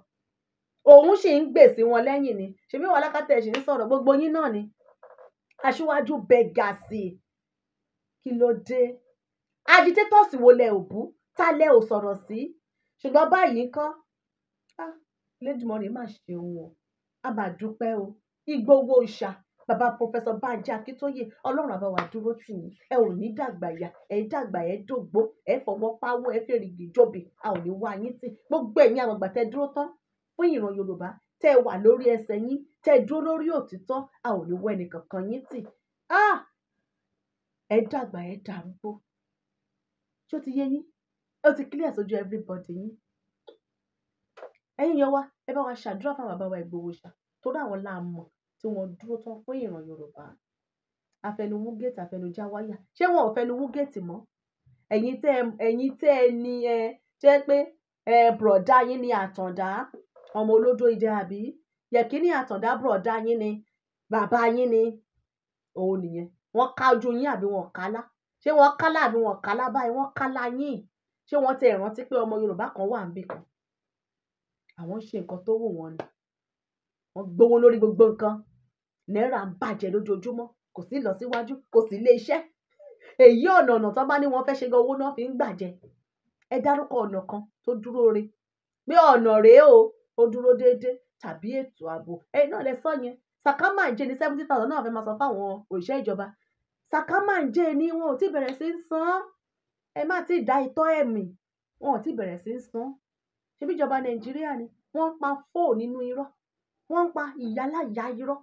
òun sì ń gbèsè wọn lẹ́yìn ni ṣe bí wọn alákàtà ẹ̀ṣẹ̀ ń sọ̀rọ̀ gbogbo yín náà ni aṣíwájú bẹ̀gà sí i kí ló dé agitators wo lẹ ò bú ta lẹ ò sọ̀rọ̀ sí ṣùgbọ́n báyìí ńkọ́ ah Elédùmarè má ṣe òun o a máa dúpẹ́ o igbó owó ìṣà bàbá pòfẹsọ Bánjí Akíntóyè Ọlọ́run àbá wa dúró tì yín ẹ ò ní dàgbà ya ẹ dàgbà ẹ dògbó ẹ fọwọ́ pawó ẹ fẹ́ rìgì jọbì a ò ní wá yín tì gbogbo ẹ̀yin àwọn àgbàtẹ dúró tán fún ìran Yorùbá tẹ wà lórí ẹsẹ̀ yín tẹ dúró lórí òtítọ́ a ò ní wọ ẹnìkankan yín tì ah ẹ dàgbà ẹ dàrúgbó ṣó ti yé yín ó ti clear sójú everybody yín ẹ̀yin yẹn wá ẹ bá wa ṣàdúrà fún bàbá wa Ìgbòho ṣá torí àwọn là ń mọ̀ tí wọ́n dúró tán fún ìran Yorùbá àfẹnuwú géètì àfẹnujá wáyà ṣé wọn ò fẹnuwú géètì mọ́ ẹ̀yin tẹ́ ẹ̀yin tẹ́ ẹ ní ẹ jẹ́ pé ẹ bùrọ̀dá yín ni àtàndá ọmọ olódó idẹ àbí yẹ̀kíní àtàndá bùrọ̀dá yín ni bàbá yín ni òun nìyẹn wọ́n ká yín àbí wọ́n kálá ṣé wọ́n kálá àbí wọ́n kálá báyìí wọ́n kálá yín ṣé wọ́n ti rántí pé ọmọ Yorùbá kan wà níbì kan àwọn ń ṣe nǹkan tó wù wọ́n ni wọ́n gbowó lórí gbogbo nǹkan náírà ń bàjẹ́ lójoojúmọ́ kò sí ìlọsíwájú kò sí ilé iṣẹ́ èyí ọ̀nà ọ̀nà tó bá ní wọ́n fẹ́ ṣe gan owó náà fi ń gbàjẹ́ ẹ dárúkọ ọ̀nà kan tó dúró re pé ọ̀nà rèé o ó dúró déédéé tàbí ètò ààbò ẹ̀yin náà lẹ sọ yẹn sàkámà ń jẹ ní seventy thousand náà fẹ́ máa san fáwọn òṣìṣẹ́ ìjọba sàkámà ń jẹ ní wọn ò tí bẹ̀rẹ̀ sí í san ẹ má ti da ìtọ́ ẹ̀mí wọn ti bẹ̀rẹ̀ sí í san ṣebí ìjọba nàìjíríà ni wọ́n ń pa fóò nínú irọ́ wọ́n ń pa ìyálàyà irọ́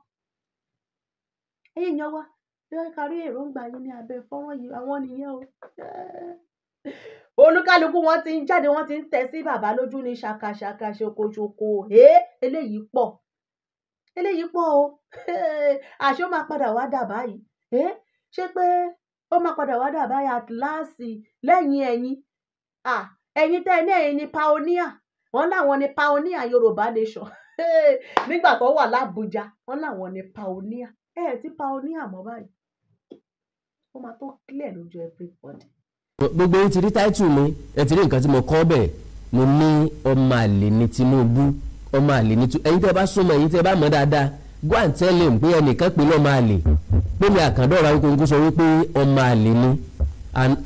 ẹ̀yin èèyàn wa bí wọ́n kárí èròǹgbà yín ní abẹ́ fọ́nrán yìí àwọn nìyẹn o olúkálukú wọn ti ń jáde wọn ti ń tẹ sí bàbá lójú ní ṣàkàṣàkà ṣokoṣoko ẹ eléyìí pọ̀ eléyìí pọ̀ o àṣé ó máa padà wá dà báyìí ṣé pé ó máa padà wá dàbí àtìláàsì lẹ́yìn ẹ̀yin ẹ̀yin tẹ́ ẹ ní ẹ̀yin ni pioneer wọ́n láwọn ní pioneer Yorùbá nation nígbà tó wà l'Abuja wọ́n láwọn ni pioneer ẹ ẹ ti pioneer mọ́ báyìí ó máa tó clear lójú everybody. gbogbo yín ti rí táìtù mi ẹ ti rí nǹkan tí mo kọ́ bẹ́ẹ̀ mo ní ọmọ àlè ní Tinubu ọmọ àlè ní tu ẹ̀yin tẹ́ bá súnmọ́ ẹ̀yin tẹ́ bá mọ̀ dáadáa go and tell him pé ẹnìkan pè lọ́mọ àlè. pẹ̀lú àkàndọ̀rọ̀ ayíkóyí tó sọ wípé ọmọ àlè ni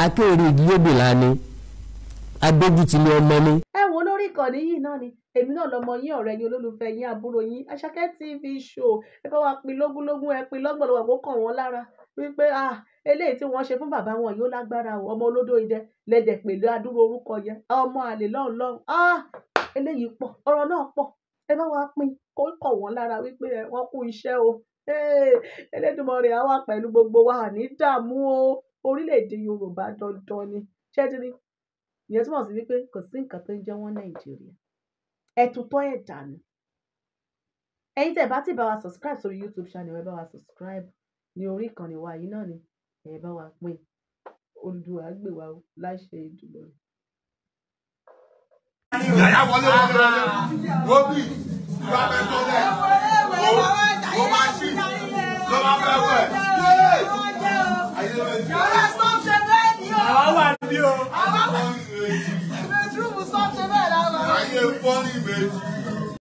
akéèrè ìdíyébìlà ni adójútì ni ọmọ ni. ẹ wo lórí ìkànnì yìí náà ni èmi náà lọmọ yín ọ̀rẹ́ yín olólùfẹ́ yín àbúrò yín Àṣàkẹ́ TV show ẹ bá wa pin lógúnlógún ẹ pin lọ́gbọ̀lọ́gbọ̀ kó kàn wọ́n lára wípé ah eléyìí tí wọ́n ṣe fún bàbá wọn yóò lágbára o ọmọ olódó idẹ lẹ́dẹ̀ pẹ̀lú adúrò orúkọ yẹn ọmọ àlè lọ́hùn lọ́hùn ah eléyìí pọ̀ ọ̀rọ̀ náà pọ̀ ẹ bá wa pin kó kàn wọ́n lára wípé wọ́n kú iṣẹ́ o Elédùmarè á wà gbogbo wa ní dààmú o orílẹ̀-èdè Yorùbá dandan ni ṣé ti rí ìyẹn túmọ̀ sí wípé kò sí nǹkan tó ń jẹ́ wọ́n Nàìjíríà ẹ̀tútọ́ ti bá wa subscribe sórí YouTube channel ẹ bá wa subscribe ní orí ìkànnì wa yìí náà ni ẹ wa pín Olúwa gbè wa láṣẹ ìdùnnú. wo mo máa ṣì ló máa fẹ́ wẹ̀. yọ̀rọ̀ stop ṣe bẹ́ẹ̀ ni o. àwa wà ní o. àwa wà ní o. ìbejì. ìbejì rúùmù stop ṣe bẹ́ẹ̀ lára. ayé fọ́ọ̀nì ìbejì.